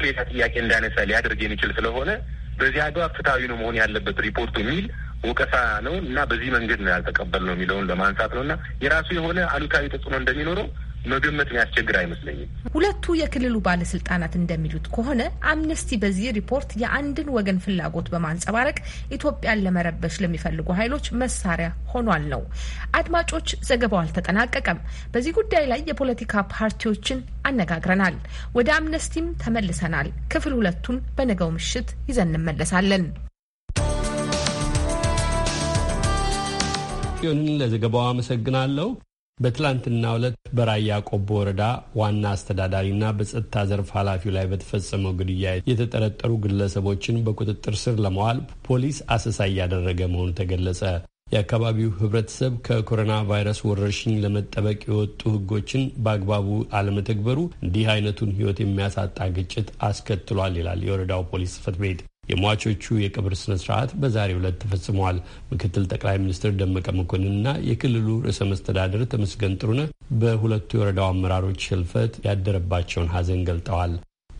ሌላ ጥያቄ እንዳነሳ ሊያደርግ የሚችል ስለሆነ በዚህ አግባብ ፍትሐዊ ነው መሆን ያለበት ሪፖርቱ የሚል ወቀሳ ነው እና በዚህ መንገድ ነው ያልተቀበል ነው የሚለውን ለማንሳት ነው እና የራሱ የሆነ አሉታዊ ተጽዕኖ እንደሚኖረው መገመት የሚያስቸግር አይመስለኝም። ሁለቱ የክልሉ ባለስልጣናት እንደሚሉት ከሆነ አምነስቲ በዚህ ሪፖርት የአንድን ወገን ፍላጎት በማንጸባረቅ ኢትዮጵያን ለመረበሽ ለሚፈልጉ ኃይሎች መሳሪያ ሆኗል ነው። አድማጮች፣ ዘገባው አልተጠናቀቀም። በዚህ ጉዳይ ላይ የፖለቲካ ፓርቲዎችን አነጋግረናል። ወደ አምነስቲም ተመልሰናል። ክፍል ሁለቱን በነገው ምሽት ይዘን እንመለሳለን። ዮንን ለዘገባው አመሰግናለሁ። በትላንትና ዕለት በራያ ቆቦ ወረዳ ዋና አስተዳዳሪና በጸጥታ ዘርፍ ኃላፊው ላይ በተፈጸመው ግድያ የተጠረጠሩ ግለሰቦችን በቁጥጥር ስር ለመዋል ፖሊስ አሰሳ እያደረገ መሆኑ ተገለጸ። የአካባቢው ህብረተሰብ ከኮሮና ቫይረስ ወረርሽኝ ለመጠበቅ የወጡ ሕጎችን በአግባቡ አለመተግበሩ እንዲህ አይነቱን ህይወት የሚያሳጣ ግጭት አስከትሏል ይላል የወረዳው ፖሊስ ጽፈት ቤት። የሟቾቹ የቀብር ስነ ስርዓት በዛሬ ዕለት ተፈጽመዋል። ምክትል ጠቅላይ ሚኒስትር ደመቀ መኮንንና የክልሉ ርዕሰ መስተዳድር ተመስገን ጥሩነህ በሁለቱ የወረዳው አመራሮች ሽልፈት ያደረባቸውን ሀዘን ገልጠዋል።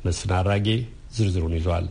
መስፍን አራጌ ዝርዝሩን ይዟል።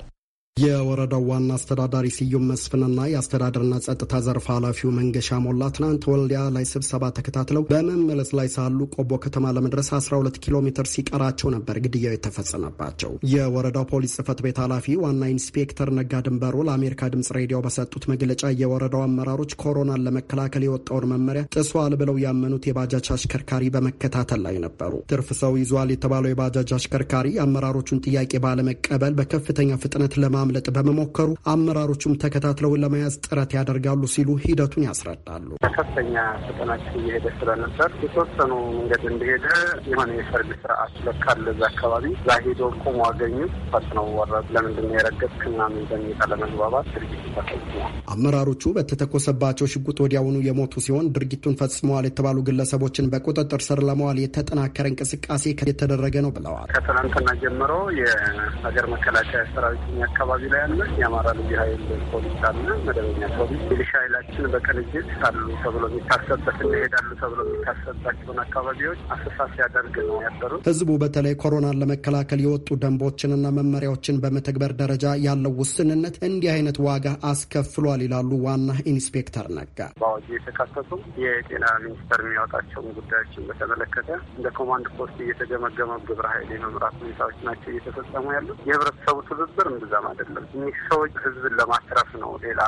የወረዳው ዋና አስተዳዳሪ ስዩም መስፍንና የአስተዳደርና ጸጥታ ዘርፍ ኃላፊው መንገሻ ሞላ ትናንት ወልዲያ ላይ ስብሰባ ተከታትለው በመመለስ ላይ ሳሉ ቆቦ ከተማ ለመድረስ 12 ኪሎ ሜትር ሲቀራቸው ነበር ግድያው የተፈጸመባቸው። የወረዳው ፖሊስ ጽህፈት ቤት ኃላፊ ዋና ኢንስፔክተር ነጋ ድንበሩ ለአሜሪካ ድምጽ ሬዲዮ በሰጡት መግለጫ የወረዳው አመራሮች ኮሮናን ለመከላከል የወጣውን መመሪያ ጥሷል ብለው ያመኑት የባጃጅ አሽከርካሪ በመከታተል ላይ ነበሩ። ትርፍ ሰው ይዟል የተባለው የባጃጅ አሽከርካሪ አመራሮቹን ጥያቄ ባለመቀበል በከፍተኛ ፍጥነት ለማ ለማምለጥ በመሞከሩ አመራሮቹም ተከታትለው ለመያዝ ጥረት ያደርጋሉ ሲሉ ሂደቱን ያስረዳሉ። በከፍተኛ ፈተናችን እየሄደ ስለነበር የተወሰኑ መንገድ እንደሄደ የሆነ የሰርግ ስርዓት ለካለ እዛ አካባቢ እዛ ሄዶ ቆሞ አገኙት። ፈጥነው ወረዱ። ለምንድን የረገጥክ ምናምን በሚጣ ለመግባባት ድርጊቱ ተፈጽሟል። አመራሮቹ በተተኮሰባቸው ሽጉጥ ወዲያውኑ የሞቱ ሲሆን ድርጊቱን ፈጽመዋል የተባሉ ግለሰቦችን በቁጥጥር ስር ለመዋል የተጠናከረ እንቅስቃሴ የተደረገ ነው ብለዋል። ከትናንትና ጀምሮ የሀገር መከላከያ ሰራዊት አካባቢ አካባቢ ላይ ያለ የአማራ ልዩ ኃይል ፖሊስ አለ፣ መደበኛ ፖሊስ፣ ሚሊሻ ኃይላችን በቅንጅት አሉ ተብሎ የሚታሰብበት እንሄዳሉ ተብሎ የሚታሰብባቸውን አካባቢዎች አሰሳ ሲያደርግ ነው ያደሩት። ህዝቡ በተለይ ኮሮናን ለመከላከል የወጡ ደንቦችንና መመሪያዎችን በመተግበር ደረጃ ያለው ውስንነት እንዲህ አይነት ዋጋ አስከፍሏል ይላሉ ዋና ኢንስፔክተር ነጋ። በአዋጅ የተካተቱ የጤና ሚኒስቴር የሚያወጣቸውን ጉዳዮችን በተመለከተ እንደ ኮማንድ ፖስት እየተገመገመ ግብረ ኃይል የመምራት ሁኔታዎች ናቸው እየተፈጸሙ ያሉት። የህብረተሰቡ ትብብር እምብዛም አይደለም። እኒህ ሰዎች ህዝብን ለማትረፍ ነው፣ ሌላ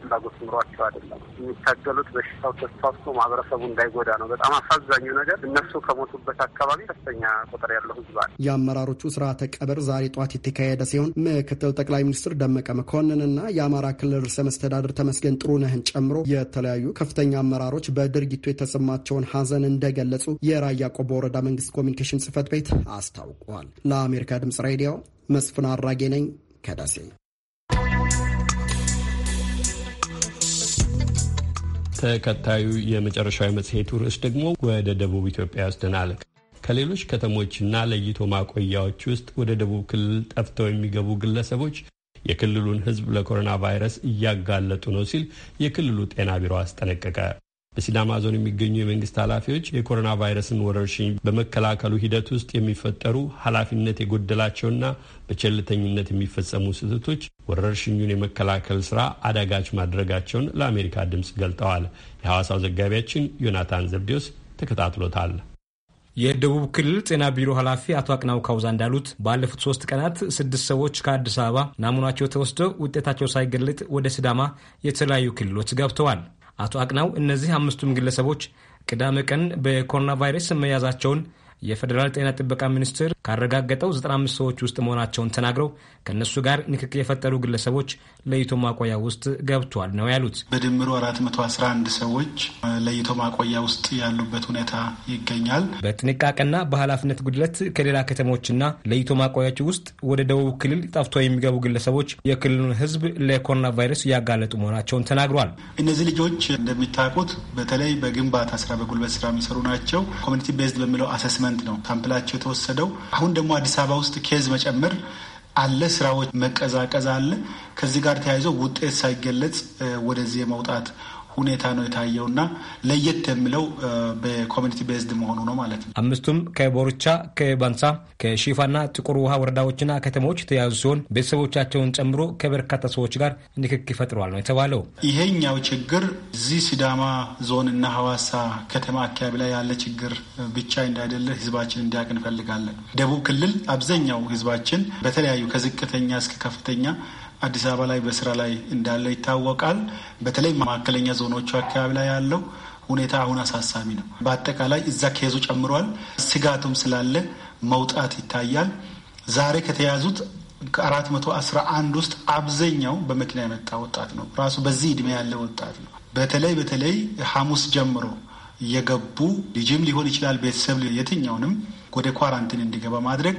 ፍላጎት ኑሯቸው አይደለም። የሚታገሉት በሽታው ተስፋፍቶ ማህበረሰቡ እንዳይጎዳ ነው። በጣም አሳዛኙ ነገር እነሱ ከሞቱበት አካባቢ ከፍተኛ ቁጥር ያለው ህዝብ አለ። የአመራሮቹ ስርዓተ ቀብር ዛሬ ጠዋት የተካሄደ ሲሆን ምክትል ጠቅላይ ሚኒስትር ደመቀ መኮንንና የአማራ ክልል ርዕሰ መስተዳድር ተመስገን ጥሩነህን ጨምሮ የተለያዩ ከፍተኛ አመራሮች በድርጊቱ የተሰማቸውን ሀዘን እንደገለጹ የራያ ቆቦ ወረዳ መንግስት ኮሚኒኬሽን ጽህፈት ቤት አስታውቋል። ለአሜሪካ ድምጽ ሬዲዮ መስፍን አራጌ ነኝ ከደሴ ተከታዩ የመጨረሻዊ መጽሔቱ ርዕስ ደግሞ ወደ ደቡብ ኢትዮጵያ ያስደናል። ከሌሎች ከተሞችና ለይቶ ማቆያዎች ውስጥ ወደ ደቡብ ክልል ጠፍተው የሚገቡ ግለሰቦች የክልሉን ሕዝብ ለኮሮና ቫይረስ እያጋለጡ ነው ሲል የክልሉ ጤና ቢሮ አስጠነቀቀ። በሲዳማ ዞን የሚገኙ የመንግስት ኃላፊዎች የኮሮና ቫይረስን ወረርሽኝ በመከላከሉ ሂደት ውስጥ የሚፈጠሩ ኃላፊነት የጎደላቸውና በቸልተኝነት የሚፈጸሙ ስህተቶች ወረርሽኙን የመከላከል ስራ አዳጋች ማድረጋቸውን ለአሜሪካ ድምፅ ገልጠዋል። የሐዋሳው ዘጋቢያችን ዮናታን ዘብዴዎስ ተከታትሎታል። የደቡብ ክልል ጤና ቢሮ ኃላፊ አቶ አቅናው ካውዛ እንዳሉት ባለፉት ሶስት ቀናት ስድስት ሰዎች ከአዲስ አበባ ናሙናቸው ተወስደው ውጤታቸው ሳይገለጥ ወደ ሲዳማ የተለያዩ ክልሎች ገብተዋል። አቶ አቅናው እነዚህ አምስቱም ግለሰቦች ቅዳሜ ቀን በኮሮና ቫይረስ መያዛቸውን የፌዴራል ጤና ጥበቃ ሚኒስቴር ካረጋገጠው 95 ሰዎች ውስጥ መሆናቸውን ተናግረው ከእነሱ ጋር ንክክ የፈጠሩ ግለሰቦች ለይቶ ማቆያ ውስጥ ገብቷል ነው ያሉት። በድምሩ 411 ሰዎች ለይቶ ማቆያ ውስጥ ያሉበት ሁኔታ ይገኛል። በጥንቃቄና በኃላፊነት ጉድለት ከሌላ ከተሞችና ለይቶ ማቆያዎች ውስጥ ወደ ደቡብ ክልል ጠፍቶ የሚገቡ ግለሰቦች የክልሉን ሕዝብ ለኮሮና ቫይረስ ያጋለጡ መሆናቸውን ተናግሯል። እነዚህ ልጆች እንደሚታወቁት በተለይ በግንባታ ስራ፣ በጉልበት ስራ የሚሰሩ ናቸው። ኮሚኒቲ ቤዝድ በሚለው አሰስመንት ዘንድ ነው ሳምፕላቸው የተወሰደው። አሁን ደግሞ አዲስ አበባ ውስጥ ኬዝ መጨመር አለ፣ ስራዎች መቀዛቀዝ አለ። ከዚህ ጋር ተያይዞ ውጤት ሳይገለጽ ወደዚህ የመውጣት ሁኔታ ነው የታየውና ለየት የሚለው በኮሚኒቲ ቤዝድ መሆኑ ነው ማለት ነው። አምስቱም ከቦርቻ ከባንሳ ከሺፋና ጥቁር ውሃ ወረዳዎችና ከተሞች የተያዙ ሲሆን ቤተሰቦቻቸውን ጨምሮ ከበርካታ ሰዎች ጋር ንክክ ይፈጥረዋል ነው የተባለው። ይሄኛው ችግር እዚህ ሲዳማ ዞን እና ሀዋሳ ከተማ አካባቢ ላይ ያለ ችግር ብቻ እንዳይደለ ህዝባችን እንዲያውቅ እንፈልጋለን። ደቡብ ክልል አብዛኛው ህዝባችን በተለያዩ ከዝቅተኛ እስከ ከፍተኛ አዲስ አበባ ላይ በስራ ላይ እንዳለ ይታወቃል። በተለይ መካከለኛ ዞኖቹ አካባቢ ላይ ያለው ሁኔታ አሁን አሳሳቢ ነው። በአጠቃላይ እዛ ከያዙ ጨምሯል። ስጋቱም ስላለ መውጣት ይታያል። ዛሬ ከተያዙት ከአራት መቶ አስራ አንድ ውስጥ አብዛኛው በመኪና የመጣ ወጣት ነው። ራሱ በዚህ እድሜ ያለ ወጣት ነው። በተለይ በተለይ ሐሙስ ጀምሮ የገቡ ልጅም ሊሆን ይችላል ቤተሰብ የትኛውንም ወደ ኳራንቲን እንዲገባ ማድረግ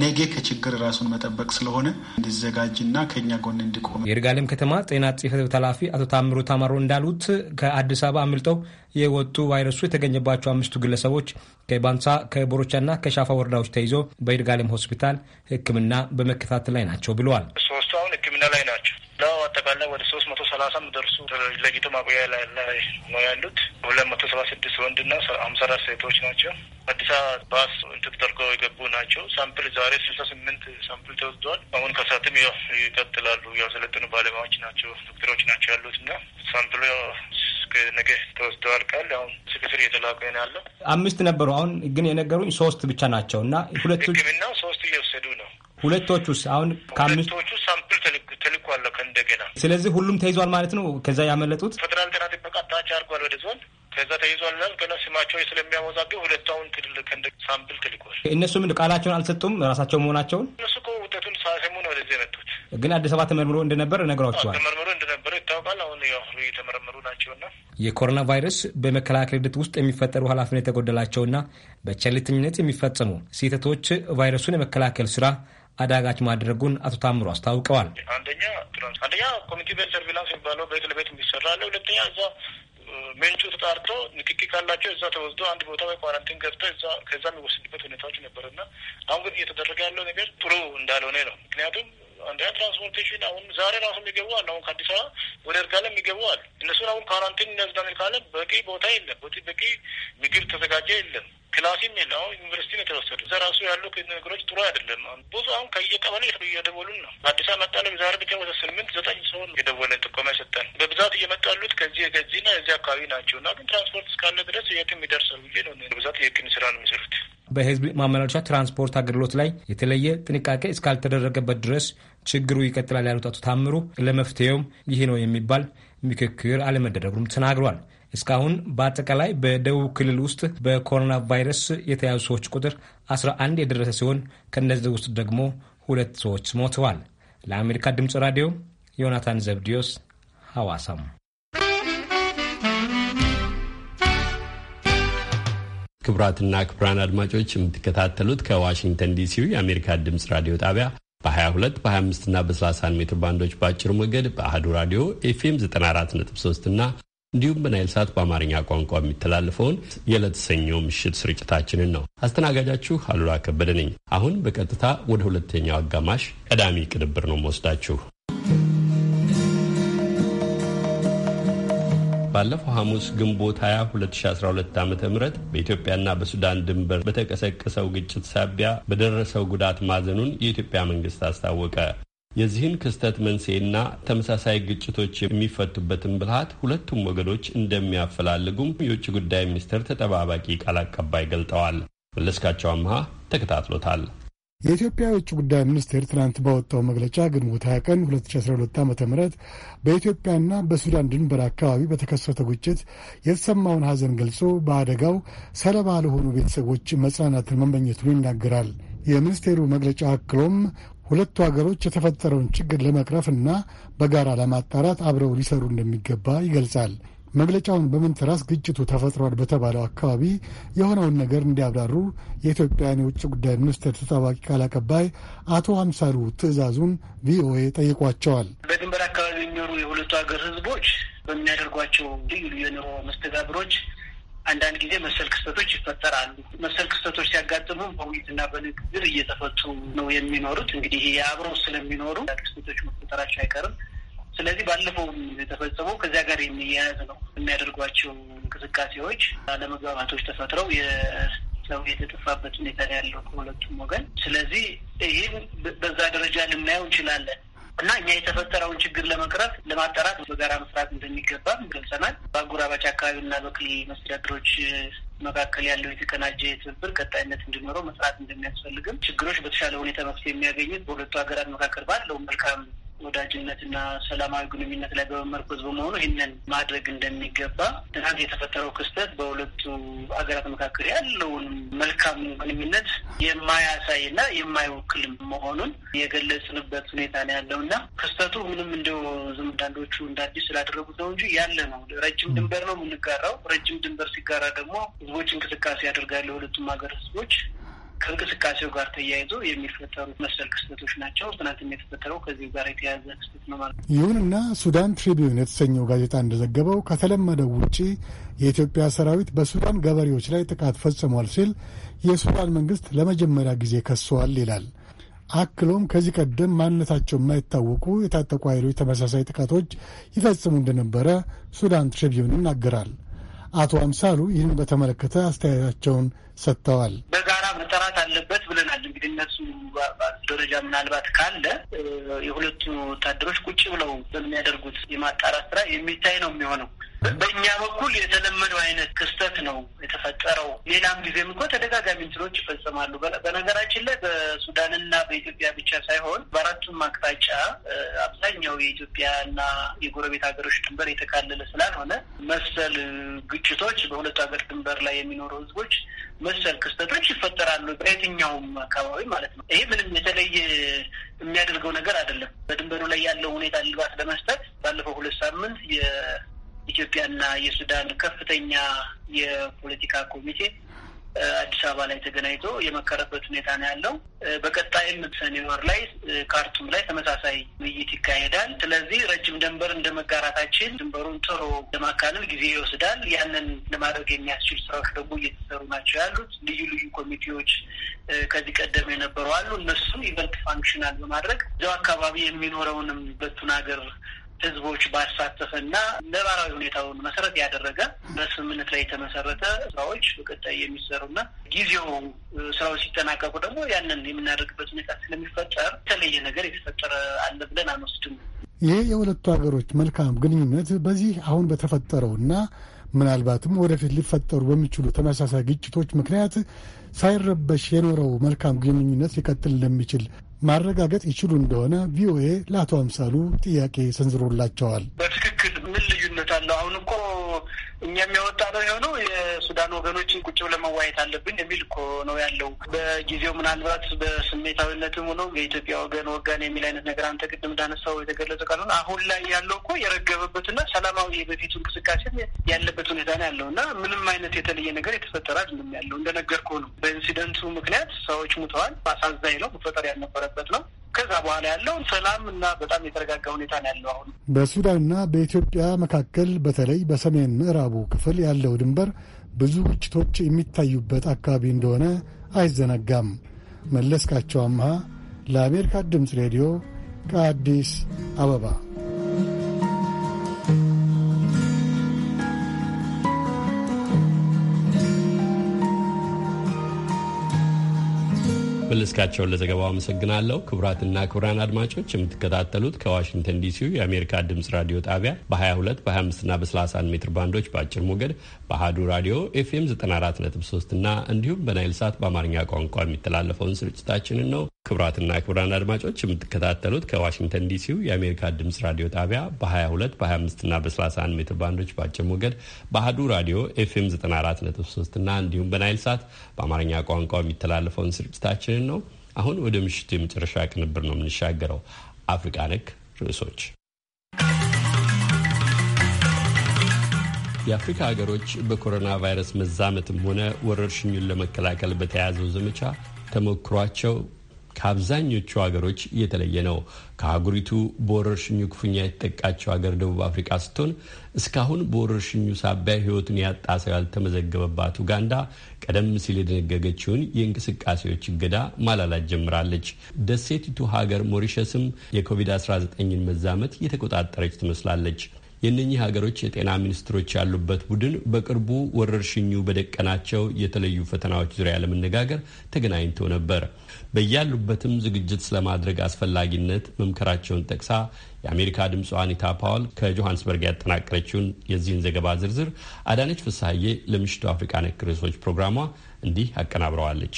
ነገ ከችግር ራሱን መጠበቅ ስለሆነ እንዲዘጋጅና ከኛ ጎን እንዲቆም የይርጋለም ከተማ ጤና ጽሕፈት ቤት ኃላፊ አቶ ታምሮ ታማሮ እንዳሉት ከአዲስ አበባ አምልጠው የወጡ ቫይረሱ የተገኘባቸው አምስቱ ግለሰቦች ከባንሳ ከቦሮቻና ከሻፋ ወረዳዎች ተይዞ በይርጋለም ሆስፒታል ሕክምና በመከታተል ላይ ናቸው ብለዋል። ሶስቱ አሁን ሕክምና ላይ ናቸው። ሌላው አጠቃላይ ወደ ሶስት መቶ ሰላሳ የሚደርሱ ለይቶ ማቆያ ላይ ነው ያሉት። ሁለት መቶ ሰባ ስድስት ወንድና አምሳ አራት ሴቶች ናቸው። አዲስ አበባ ባስ እንትን የገቡ ናቸው። ሳምፕል ዛሬ ስልሳ ስምንት ሳምፕል ተወስደዋል። አሁን ከሳትም ያው ይቀጥላሉ። ያው ሰለጠኑ ባለሙያዎች ናቸው፣ ዶክተሮች ናቸው ያሉት እና ሳምፕሉ እስከ ነገ ተወስደዋል። ቃል አሁን ስክስር እየተላቀ ነው ያለው። አምስት ነበሩ። አሁን ግን የነገሩኝ ሶስት ብቻ ናቸው እና ሁለቱ ሶስት እየወሰዱ ነው። ሁለቶቹስ አሁን ከአምስቶቹ ሳምፕል ተልኳለሁ ከእንደገና። ስለዚህ ሁሉም ተይዟል ማለት ነው። ከዛ ያመለጡት ፌደራል ጤና ጥበቃ ታች አድርጓል ወደ ዞን ከዛ ተይዟልና ገና ስማቸው ስለሚያወዛግብ ሁለታውን ትልል እንደ ሳምፕል ትልቋል። እነሱም ምን ቃላቸውን አልሰጡም ራሳቸው መሆናቸውን እነሱ እኮ ውጤቱን ሳሰሙ ነው ወደዚህ የመጡት። ግን አዲስ አበባ ተመርምሮ እንደነበር ነግሯቸዋል። ተመርምሮ እንደነበረ ይታወቃል። አሁን ያው የተመረመሩ ናቸውና የኮሮና ቫይረስ በመከላከል ሂደት ውስጥ የሚፈጠሩ ኃላፊነት የተጎደላቸውና በቸልተኝነት የሚፈጸሙ ስህተቶች ቫይረሱን የመከላከል ስራ አዳጋች ማድረጉን አቶ ታምሮ አስታውቀዋል። አንደኛ አንደኛ ኮሚኒቲ ቤት ሰርቪላንስ የሚባለው ቤት ለቤት የሚሰራ አለ። ሁለተኛ እዛ ምንጩ ተጣርቶ ንክኪ ካላቸው እዛ ተወስዶ አንድ ቦታ ወይ ኳራንቲን ገብቶ ከዛ የሚወስድበት ሁኔታዎች ነበርና አሁን ግን እየተደረገ ያለው ነገር ጥሩ እንዳልሆነ ነው። ምክንያቱም አንደኛ ትራንስፖርቴሽን አሁን ዛሬ ራሱ የሚገቡ አለ። አሁን ከአዲስ አበባ ወደ እርጋለ የሚገቡ አለ። እነሱን አሁን ኳራንቲን እናዝዳንል ካለ በቂ ቦታ የለም፣ በቂ ምግብ ተዘጋጀ የለም። ክላሲም የለው ዩኒቨርሲቲ ነው የተወሰዱ። እዛ ራሱ ያሉ ነገሮች ጥሩ አይደለም። ብዙ አሁን ከየቀበሌ እየደወሉን ነው። አዲስ መጣለ ዛሬ ብቻ ወደ ስምንት ዘጠኝ ሰው የደወለን ጥቆማ ሰጠን። በብዛት እየመጡ ያሉት ከዚህ ና እዚህ አካባቢ ናቸው እና ግን ትራንስፖርት እስካለ ድረስ የትም ይደርሳል ብዬ ነው። በብዛት የክን ስራ ነው የሚሰሩት። በህዝብ ማመላለሻ ትራንስፖርት አገልግሎት ላይ የተለየ ጥንቃቄ እስካልተደረገበት ድረስ ችግሩ ይቀጥላል ያሉት አቶ ታምሩ ለመፍትሄውም ይሄ ነው የሚባል ምክክር አለመደረጉም ተናግሯል። እስካሁን በአጠቃላይ በደቡብ ክልል ውስጥ በኮሮና ቫይረስ የተያዙ ሰዎች ቁጥር 11 የደረሰ ሲሆን ከእነዚህ ውስጥ ደግሞ ሁለት ሰዎች ሞተዋል። ለአሜሪካ ድምፅ ራዲዮ ዮናታን ዘብዲዮስ ሐዋሳም። ክቡራትና ክቡራን አድማጮች የምትከታተሉት ከዋሽንግተን ዲሲው የአሜሪካ ድምፅ ራዲዮ ጣቢያ በ22 በ25 እና በ31 ሜትር ባንዶች በአጭሩ ሞገድ በአህዱ ራዲዮ ኤፍኤም 94.3 እና እንዲሁም በናይል ሳት በአማርኛ ቋንቋ የሚተላለፈውን የዕለት ሰኞ ምሽት ስርጭታችንን ነው። አስተናጋጃችሁ አሉላ ከበደ ነኝ። አሁን በቀጥታ ወደ ሁለተኛው አጋማሽ ቀዳሚ ቅንብር ነው መወስዳችሁ። ባለፈው ሐሙስ ግንቦት 20 2012 ዓ ም በኢትዮጵያና በሱዳን ድንበር በተቀሰቀሰው ግጭት ሳቢያ በደረሰው ጉዳት ማዘኑን የኢትዮጵያ መንግስት አስታወቀ። የዚህን ክስተት መንስኤና ተመሳሳይ ግጭቶች የሚፈቱበትን ብልሃት ሁለቱም ወገኖች እንደሚያፈላልጉም የውጭ ጉዳይ ሚኒስቴር ተጠባባቂ ቃል አቀባይ ገልጠዋል። መለስካቸው አምሃ ተከታትሎታል። የኢትዮጵያ የውጭ ጉዳይ ሚኒስቴር ትናንት ባወጣው መግለጫ ግንቦት 20 ቀን 2012 ዓ ም በኢትዮጵያና በሱዳን ድንበር አካባቢ በተከሰተ ግጭት የተሰማውን ሐዘን ገልጾ በአደጋው ሰለባ ለሆኑ ቤተሰቦች መጽናናትን መመኘቱን ይናገራል። የሚኒስቴሩ መግለጫ አክሎም ሁለቱ ሀገሮች የተፈጠረውን ችግር ለመቅረፍ እና በጋራ ለማጣራት አብረው ሊሰሩ እንደሚገባ ይገልጻል። መግለጫውን በመንተራስ ግጭቱ ተፈጥሯል በተባለው አካባቢ የሆነውን ነገር እንዲያብራሩ የኢትዮጵያን የውጭ ጉዳይ ሚኒስቴር ተጠባቂ ቃል አቀባይ አቶ አምሳሉ ትዕዛዙን ቪኦኤ ጠይቋቸዋል። በድንበር አካባቢ የሚኖሩ የሁለቱ ሀገር ህዝቦች በሚያደርጓቸው ልዩ ልዩ የኑሮ መስተጋብሮች አንዳንድ ጊዜ መሰል ክስተቶች ይፈጠራሉ። መሰል ክስተቶች ሲያጋጥሙ በውይይትና በንግግር እየተፈቱ ነው የሚኖሩት። እንግዲህ የአብረው ስለሚኖሩ ክስተቶች መፈጠራቸው አይቀርም። ስለዚህ ባለፈው የተፈጸመው ከዚያ ጋር የሚያያዝ ነው። የሚያደርጓቸው እንቅስቃሴዎች አለመግባባቶች ተፈጥረው ሰው የተጠፋበት ሁኔታ ያለው ከሁለቱም ወገን። ስለዚህ ይህም በዛ ደረጃ ልናየው እንችላለን። እና እኛ የተፈጠረውን ችግር ለመቅረፍ ለማጣራት በጋራ መስራት እንደሚገባም ገልጸናል። በአጎራባች አካባቢ በክልል መስተዳድሮች መካከል ያለው የተቀናጀ ትብብር ቀጣይነት እንዲኖረው መስራት እንደሚያስፈልግም ችግሮች በተሻለ ሁኔታ መፍትሄ የሚያገኙት በሁለቱ ሀገራት መካከል ባለው መልካም ወዳጅነትና ሰላማዊ ግንኙነት ላይ በመመርኮዝ በመሆኑ ይህንን ማድረግ እንደሚገባ ትናንት የተፈጠረው ክስተት በሁለቱ አገራት መካከል ያለውን መልካም ግንኙነት የማያሳይና የማይወክል መሆኑን የገለጽንበት ሁኔታ ነው ያለው እና ክስተቱ ምንም እንደ ዝም አንዳንዶቹ እንደ አዲስ ስላደረጉት ነው እንጂ ያለ ነው። ረጅም ድንበር ነው የምንጋራው። ረጅም ድንበር ሲጋራ ደግሞ ህዝቦች እንቅስቃሴ ያደርጋል የሁለቱም ሀገር ህዝቦች ከእንቅስቃሴው ጋር ተያይዞ የሚፈጠሩ መሰል ክስተቶች ናቸው። ትናንትም የተፈጠረው ከዚህ ጋር የተያያዘ ክስተት ነው ማለት ነው። ይሁንና ሱዳን ትሪቢዩን የተሰኘው ጋዜጣ እንደዘገበው ከተለመደው ውጪ የኢትዮጵያ ሰራዊት በሱዳን ገበሬዎች ላይ ጥቃት ፈጽሟል ሲል የሱዳን መንግስት ለመጀመሪያ ጊዜ ከሰዋል ይላል። አክሎም ከዚህ ቀደም ማንነታቸው የማይታወቁ የታጠቁ ኃይሎች ተመሳሳይ ጥቃቶች ይፈጽሙ እንደነበረ ሱዳን ትሪቢዩን ይናገራል። አቶ አምሳሉ ይህን በተመለከተ አስተያየታቸውን ሰጥተዋል። በጋራ መጠራት አለበት ብለናል። እንግዲህ እነሱ ደረጃ ምናልባት ካለ የሁለቱ ወታደሮች ቁጭ ብለው በሚያደርጉት የማጣራት ስራ የሚታይ ነው የሚሆነው። በእኛ በኩል የተለመደው አይነት ክስተት ነው የተፈጠረው። ሌላም ጊዜም እኮ ተደጋጋሚ እንትኖች ይፈጸማሉ። በነገራችን ላይ በሱዳንና በኢትዮጵያ ብቻ ሳይሆን በአራቱም አቅጣጫ አብዛኛው የኢትዮጵያና የጎረቤት ሀገሮች ድንበር የተካለለ ስላልሆነ መሰል ግጭቶች በሁለቱ ሀገር ድንበር ላይ የሚኖሩ ህዝቦች መሰል ክስተቶች ይፈጠራሉ በየትኛውም አካባቢ ማለት ነው። ይሄ ምንም የተለየ የሚያደርገው ነገር አይደለም። በድንበሩ ላይ ያለው ሁኔታ ልባት ለመስጠት ባለፈው ሁለት ሳምንት የኢትዮጵያና የሱዳን ከፍተኛ የፖለቲካ ኮሚቴ አዲስ አበባ ላይ ተገናኝቶ የመከረበት ሁኔታ ነው ያለው። በቀጣይም ሰኔ ወር ላይ ካርቱም ላይ ተመሳሳይ ውይይት ይካሄዳል። ስለዚህ ረጅም ደንበር እንደ መጋራታችን ድንበሩን ጥሮ ለማካለል ጊዜ ይወስዳል። ያንን ለማድረግ የሚያስችል ስራዎች ደግሞ እየተሰሩ ናቸው ያሉት። ልዩ ልዩ ኮሚቴዎች ከዚህ ቀደም የነበሩ አሉ። እነሱም ኢቨንት ፋንክሽናል በማድረግ እዚያው አካባቢ የሚኖረውንም በቱን ሀገር ህዝቦች ባሳተፈና ነባራዊ ሁኔታውን መሰረት ያደረገ በስምምነት ላይ የተመሰረተ ስራዎች በቀጣይ የሚሰሩና ጊዜው ስራዎች ሲጠናቀቁ ደግሞ ያንን የምናደርግበት ሁኔታ ስለሚፈጠር የተለየ ነገር የተፈጠረ አለ ብለን አንወስድም። ይህ የሁለቱ ሀገሮች መልካም ግንኙነት በዚህ አሁን በተፈጠረውና ምናልባትም ወደፊት ሊፈጠሩ በሚችሉ ተመሳሳይ ግጭቶች ምክንያት ሳይረበሽ የኖረው መልካም ግንኙነት ሊቀጥል እንደሚችል ማረጋገጥ ይችሉ እንደሆነ ቪኦኤ ለአቶ አምሳሉ ጥያቄ ሰንዝሮላቸዋል። በትክክል ምን ልዩነት አለው? አሁን እኮ እኛም ያወጣ ነው የሆነው የሱዳን ወገኖችን ቁጭ ብለን መዋየት አለብን የሚል እኮ ነው ያለው። በጊዜው ምናልባት በስሜታዊነትም ሆኖ የኢትዮጵያ ወገን ወጋን የሚል አይነት ነገር አንተ ቅድም እንዳነሳው የተገለጸ ካልሆነ አሁን ላይ ያለው እኮ የረገበበትና ሰላማዊ የበፊቱ እንቅስቃሴ ያለበት ሁኔታ ነው ያለው እና ምንም አይነት የተለየ ነገር የተፈጠረ አይደለም ያለው እንደነገርኩ ነው። በኢንሲደንቱ ምክንያት ሰዎች ሙተዋል። በአሳዛኝ ነው። መፈጠር ያልነበረበት ነው። ከዛ በኋላ ያለውን ሰላም እና በጣም የተረጋጋ ሁኔታ ነው ያለው አሁን በሱዳንና በኢትዮጵያ መካከል በተለይ በሰሜን ምዕራብ ምዕራቡ ክፍል ያለው ድንበር ብዙ ግጭቶች የሚታዩበት አካባቢ እንደሆነ አይዘነጋም። መለስካቸው አምሃ ለአሜሪካ ድምፅ ሬዲዮ ከአዲስ አበባ መለስካቸውን ለዘገባው አመሰግናለሁ። ክቡራትና ክቡራን አድማጮች የምትከታተሉት ከዋሽንግተን ዲሲው የአሜሪካ ድምጽ ራዲዮ ጣቢያ በ22 በ25ና በ31 ሜትር ባንዶች በአጭር ሞገድ በአህዱ ራዲዮ ኤፍኤም 943 እና እንዲሁም በናይል ሳት በአማርኛ ቋንቋ የሚተላለፈውን ስርጭታችንን ነው። ክቡራትና ክቡራን አድማጮች የምትከታተሉት ከዋሽንግተን ዲሲው የአሜሪካ ድምጽ ራዲዮ ጣቢያ በ22 በ25 እና በ31 ሜትር ባንዶች በአጭር ሞገድ በአህዱ ራዲዮ ኤፍኤም 94.3 እና እንዲሁም በናይል ሳት በአማርኛ ቋንቋ የሚተላለፈውን ስርጭታችንን ነው። አሁን ወደ ምሽቱ የመጨረሻ ቅንብር ነው የምንሻገረው። አፍሪቃ ነክ ርዕሶች የአፍሪካ ሀገሮች በኮሮና ቫይረስ መዛመትም ሆነ ወረርሽኙን ለመከላከል በተያያዘው ዘመቻ ተሞክሯቸው ከአብዛኞቹ ሀገሮች እየተለየ ነው። ከአህጉሪቱ በወረርሽኙ ክፉኛ የተጠቃቸው ሀገር ደቡብ አፍሪካ ስትሆን እስካሁን በወረርሽኙ ሳቢያ ሕይወቱን ያጣ ሰው ያልተመዘገበባት ኡጋንዳ ቀደም ሲል የደነገገችውን የእንቅስቃሴዎች እገዳ ማላላት ጀምራለች። ደሴቲቱ ሀገር ሞሪሸስም የኮቪድ-19ን መዛመት የተቆጣጠረች ትመስላለች። የእነኚህ ሀገሮች የጤና ሚኒስትሮች ያሉበት ቡድን በቅርቡ ወረርሽኙ በደቀናቸው የተለዩ ፈተናዎች ዙሪያ ለመነጋገር ተገናኝቶ ነበር። በያሉበትም ዝግጅት ስለማድረግ አስፈላጊነት መምከራቸውን ጠቅሳ የአሜሪካ ድምፅ አኒታ ፓውል ከጆሃንስበርግ ያጠናቀረችውን የዚህን ዘገባ ዝርዝር አዳነች ፍሳሐዬ ለምሽቱ አፍሪካ ነክ ርዕሶች ፕሮግራሟ እንዲህ አቀናብረዋለች።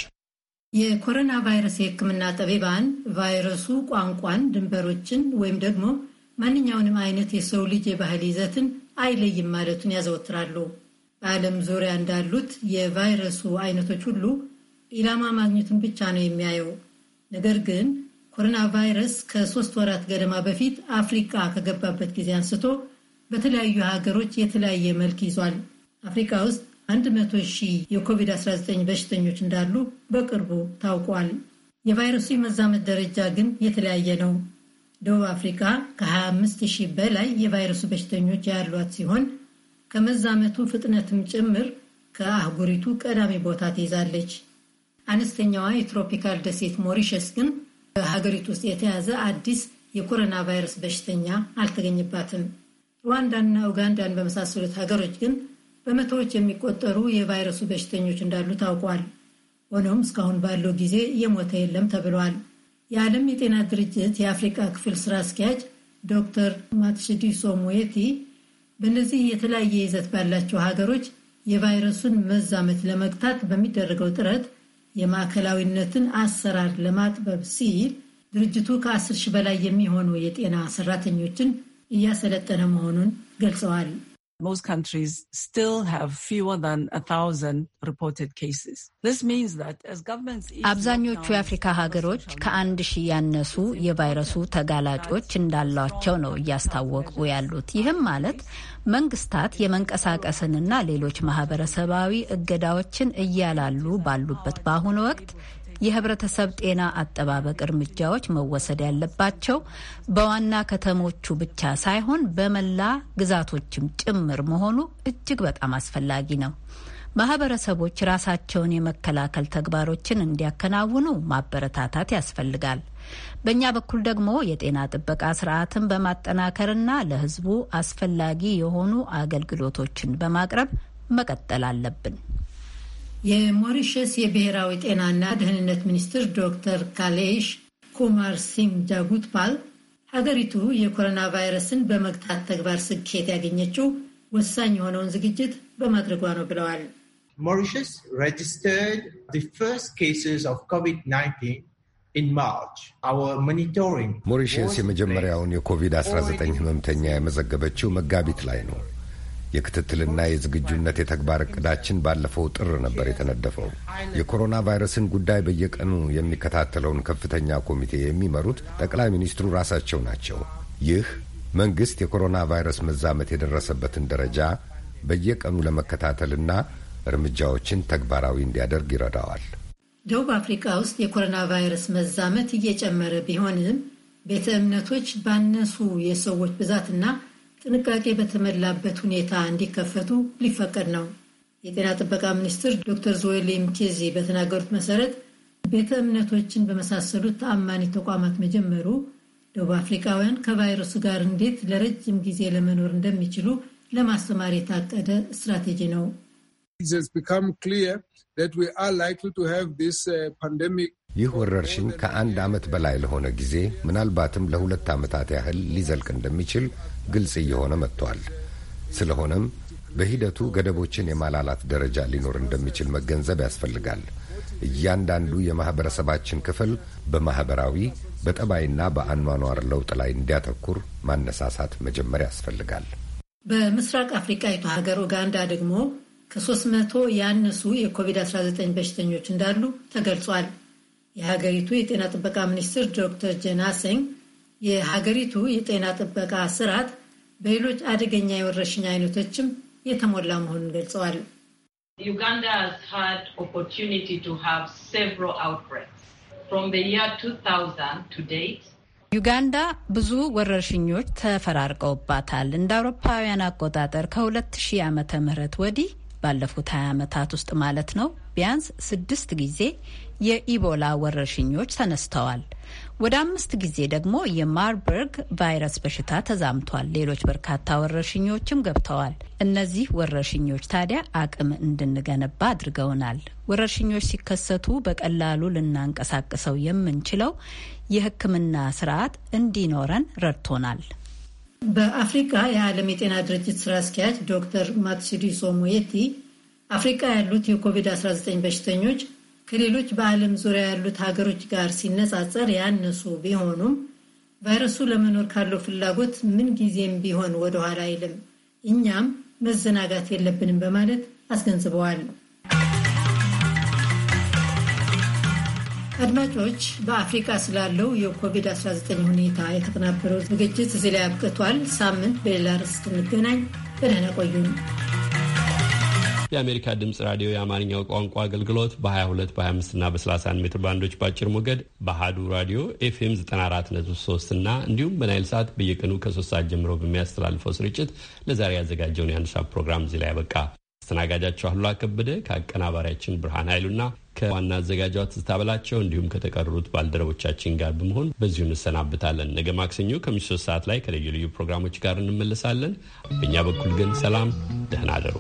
የኮሮና ቫይረስ የሕክምና ጠቢባን ቫይረሱ ቋንቋን፣ ድንበሮችን ወይም ደግሞ ማንኛውንም አይነት የሰው ልጅ የባህል ይዘትን አይለይም ማለቱን ያዘወትራሉ። በዓለም ዙሪያ እንዳሉት የቫይረሱ አይነቶች ሁሉ ኢላማ ማግኘቱን ብቻ ነው የሚያየው። ነገር ግን ኮሮና ቫይረስ ከሶስት ወራት ገደማ በፊት አፍሪቃ ከገባበት ጊዜ አንስቶ በተለያዩ ሀገሮች የተለያየ መልክ ይዟል። አፍሪካ ውስጥ መቶ ሺህ የኮቪድ-19 በሽተኞች እንዳሉ በቅርቡ ታውቋል። የቫይረሱ የመዛመት ደረጃ ግን የተለያየ ነው። ደቡብ አፍሪካ ከ25 ሺህ በላይ የቫይረሱ በሽተኞች ያሏት ሲሆን ከመዛመቱ ፍጥነትም ጭምር ከአህጉሪቱ ቀዳሚ ቦታ ትይዛለች። አነስተኛዋ የትሮፒካል ደሴት ሞሪሸስ ግን በሀገሪቱ ውስጥ የተያዘ አዲስ የኮሮና ቫይረስ በሽተኛ አልተገኘባትም። ሩዋንዳና ኡጋንዳን በመሳሰሉት ሀገሮች ግን በመቶዎች የሚቆጠሩ የቫይረሱ በሽተኞች እንዳሉ ታውቋል። ሆኖም እስካሁን ባለው ጊዜ የሞተ የለም ተብሏል። የዓለም የጤና ድርጅት የአፍሪካ ክፍል ስራ አስኪያጅ ዶክተር ማትሽዲሶ ሙየቲ በእነዚህ የተለያየ ይዘት ባላቸው ሀገሮች የቫይረሱን መዛመት ለመግታት በሚደረገው ጥረት የማዕከላዊነትን አሰራር ለማጥበብ ሲል ድርጅቱ ከ10 ሺህ በላይ የሚሆኑ የጤና ሰራተኞችን እያሰለጠነ መሆኑን ገልጸዋል። አብዛኞቹ የአፍሪካ ሀገሮች ከአንድ ሺህ ያነሱ የቫይረሱ ተጋላጮች እንዳሏቸው ነው እያስታወቁ ያሉት። ይህም ማለት መንግስታት የመንቀሳቀስንና ሌሎች ማህበረሰባዊ እገዳዎችን እያላሉ ባሉበት በአሁኑ ወቅት የህብረተሰብ ጤና አጠባበቅ እርምጃዎች መወሰድ ያለባቸው በዋና ከተሞቹ ብቻ ሳይሆን በመላ ግዛቶችም ጭምር መሆኑ እጅግ በጣም አስፈላጊ ነው። ማህበረሰቦች ራሳቸውን የመከላከል ተግባሮችን እንዲያከናውኑ ማበረታታት ያስፈልጋል። በእኛ በኩል ደግሞ የጤና ጥበቃ ስርዓትን በማጠናከርና ለህዝቡ አስፈላጊ የሆኑ አገልግሎቶችን በማቅረብ መቀጠል አለብን። የሞሪሸስ የብሔራዊ ጤናና ደህንነት ሚኒስትር ዶክተር ካሌሽ ኩማር ሲንግ ጃጉትፓል ሀገሪቱ የኮሮና ቫይረስን በመግታት ተግባር ስኬት ያገኘችው ወሳኝ የሆነውን ዝግጅት በማድረጓ ነው ብለዋል። ሞሪሸስ ሬጅስተርድ ዘ ፈርስት ኬስስ ኦፍ ኮቪድ-19 ሞሪሸስ የመጀመሪያውን የኮቪድ-19 ህመምተኛ የመዘገበችው መጋቢት ላይ ነው። የክትትልና የዝግጁነት የተግባር እቅዳችን ባለፈው ጥር ነበር የተነደፈው። የኮሮና ቫይረስን ጉዳይ በየቀኑ የሚከታተለውን ከፍተኛ ኮሚቴ የሚመሩት ጠቅላይ ሚኒስትሩ ራሳቸው ናቸው። ይህ መንግሥት የኮሮና ቫይረስ መዛመት የደረሰበትን ደረጃ በየቀኑ ለመከታተልና እርምጃዎችን ተግባራዊ እንዲያደርግ ይረዳዋል። ደቡብ አፍሪካ ውስጥ የኮሮና ቫይረስ መዛመት እየጨመረ ቢሆንም ቤተ እምነቶች ባነሱ የሰዎች ብዛትና ጥንቃቄ በተሞላበት ሁኔታ እንዲከፈቱ ሊፈቀድ ነው። የጤና ጥበቃ ሚኒስትር ዶክተር ዞዌሌ ኪዚ በተናገሩት መሰረት ቤተ እምነቶችን በመሳሰሉት ተአማኒ ተቋማት መጀመሩ ደቡብ አፍሪካውያን ከቫይረሱ ጋር እንዴት ለረጅም ጊዜ ለመኖር እንደሚችሉ ለማስተማር የታቀደ ስትራቴጂ ነው። It has become clear Uh, ይህ ወረርሽኝ ከአንድ ዓመት በላይ ለሆነ ጊዜ ምናልባትም ለሁለት ዓመታት ያህል ሊዘልቅ እንደሚችል ግልጽ እየሆነ መጥቷል። ስለሆነም በሂደቱ ገደቦችን የማላላት ደረጃ ሊኖር እንደሚችል መገንዘብ ያስፈልጋል። እያንዳንዱ የማኅበረሰባችን ክፍል በማኅበራዊ በጠባይና በአኗኗር ለውጥ ላይ እንዲያተኩር ማነሳሳት መጀመሪያ ያስፈልጋል። በምስራቅ አፍሪካዊቱ ሀገር ኡጋንዳ ደግሞ ከ300 ያነሱ የኮቪድ-19 በሽተኞች እንዳሉ ተገልጿል። የሀገሪቱ የጤና ጥበቃ ሚኒስትር ዶክተር ጀናሴን የሀገሪቱ የጤና ጥበቃ ስርዓት በሌሎች አደገኛ የወረርሽኝ አይነቶችም የተሞላ መሆኑን ገልጸዋል። ዩጋንዳ ዩጋንዳ ብዙ ወረርሽኞች ተፈራርቀውባታል። እንደ አውሮፓውያን አቆጣጠር ከ2000 ዓመተ ምህረት ወዲህ ባለፉት 20 ዓመታት ውስጥ ማለት ነው ቢያንስ ስድስት ጊዜ የኢቦላ ወረርሽኞች ተነስተዋል። ወደ አምስት ጊዜ ደግሞ የማርበርግ ቫይረስ በሽታ ተዛምቷል። ሌሎች በርካታ ወረርሽኞችም ገብተዋል። እነዚህ ወረርሽኞች ታዲያ አቅም እንድንገነባ አድርገውናል። ወረርሽኞች ሲከሰቱ በቀላሉ ልናንቀሳቅሰው የምንችለው የሕክምና ስርዓት እንዲኖረን ረድቶናል። በአፍሪካ የዓለም የጤና ድርጅት ስራ አስኪያጅ ዶክተር ማትሺዲሶ ሙየቲ አፍሪካ ያሉት የኮቪድ-19 በሽተኞች ከሌሎች በዓለም ዙሪያ ያሉት ሀገሮች ጋር ሲነጻጸር ያነሱ ቢሆኑም ቫይረሱ ለመኖር ካለው ፍላጎት ምንጊዜም ቢሆን ወደኋላ አይልም፣ እኛም መዘናጋት የለብንም በማለት አስገንዝበዋል። አድማጮች፣ በአፍሪካ ስላለው የኮቪድ-19 ሁኔታ የተቀናበረው ዝግጅት እዚህ ላይ አብቅቷል። ሳምንት በሌላ ርዕስ እስክንገናኝ በደህና ቆዩ። የአሜሪካ ድምፅ ራዲዮ የአማርኛው ቋንቋ አገልግሎት በ22 በ25 እና በ31 ሜትር ባንዶች በአጭር ሞገድ በአሃዱ ራዲዮ ኤፍኤም 943 እና እንዲሁም በናይል ሰዓት በየቀኑ ከሶስት ሰዓት ጀምሮ በሚያስተላልፈው ስርጭት ለዛሬ ያዘጋጀውን የአንድ ሰዓት ፕሮግራም እዚህ ላይ ያበቃ። አስተናጋጃቸው አሉላ ከበደ ከአቀናባሪያችን ብርሃን ኃይሉና ከዋና አዘጋጇ ትዝታ በላቸው እንዲሁም ከተቀሩት ባልደረቦቻችን ጋር በመሆን በዚሁ እንሰናብታለን። ነገ ማክሰኞ ከምሽቱ ሶስት ሰዓት ላይ ከልዩ ልዩ ፕሮግራሞች ጋር እንመለሳለን። በእኛ በኩል ግን ሰላም፣ ደህና አደሩ።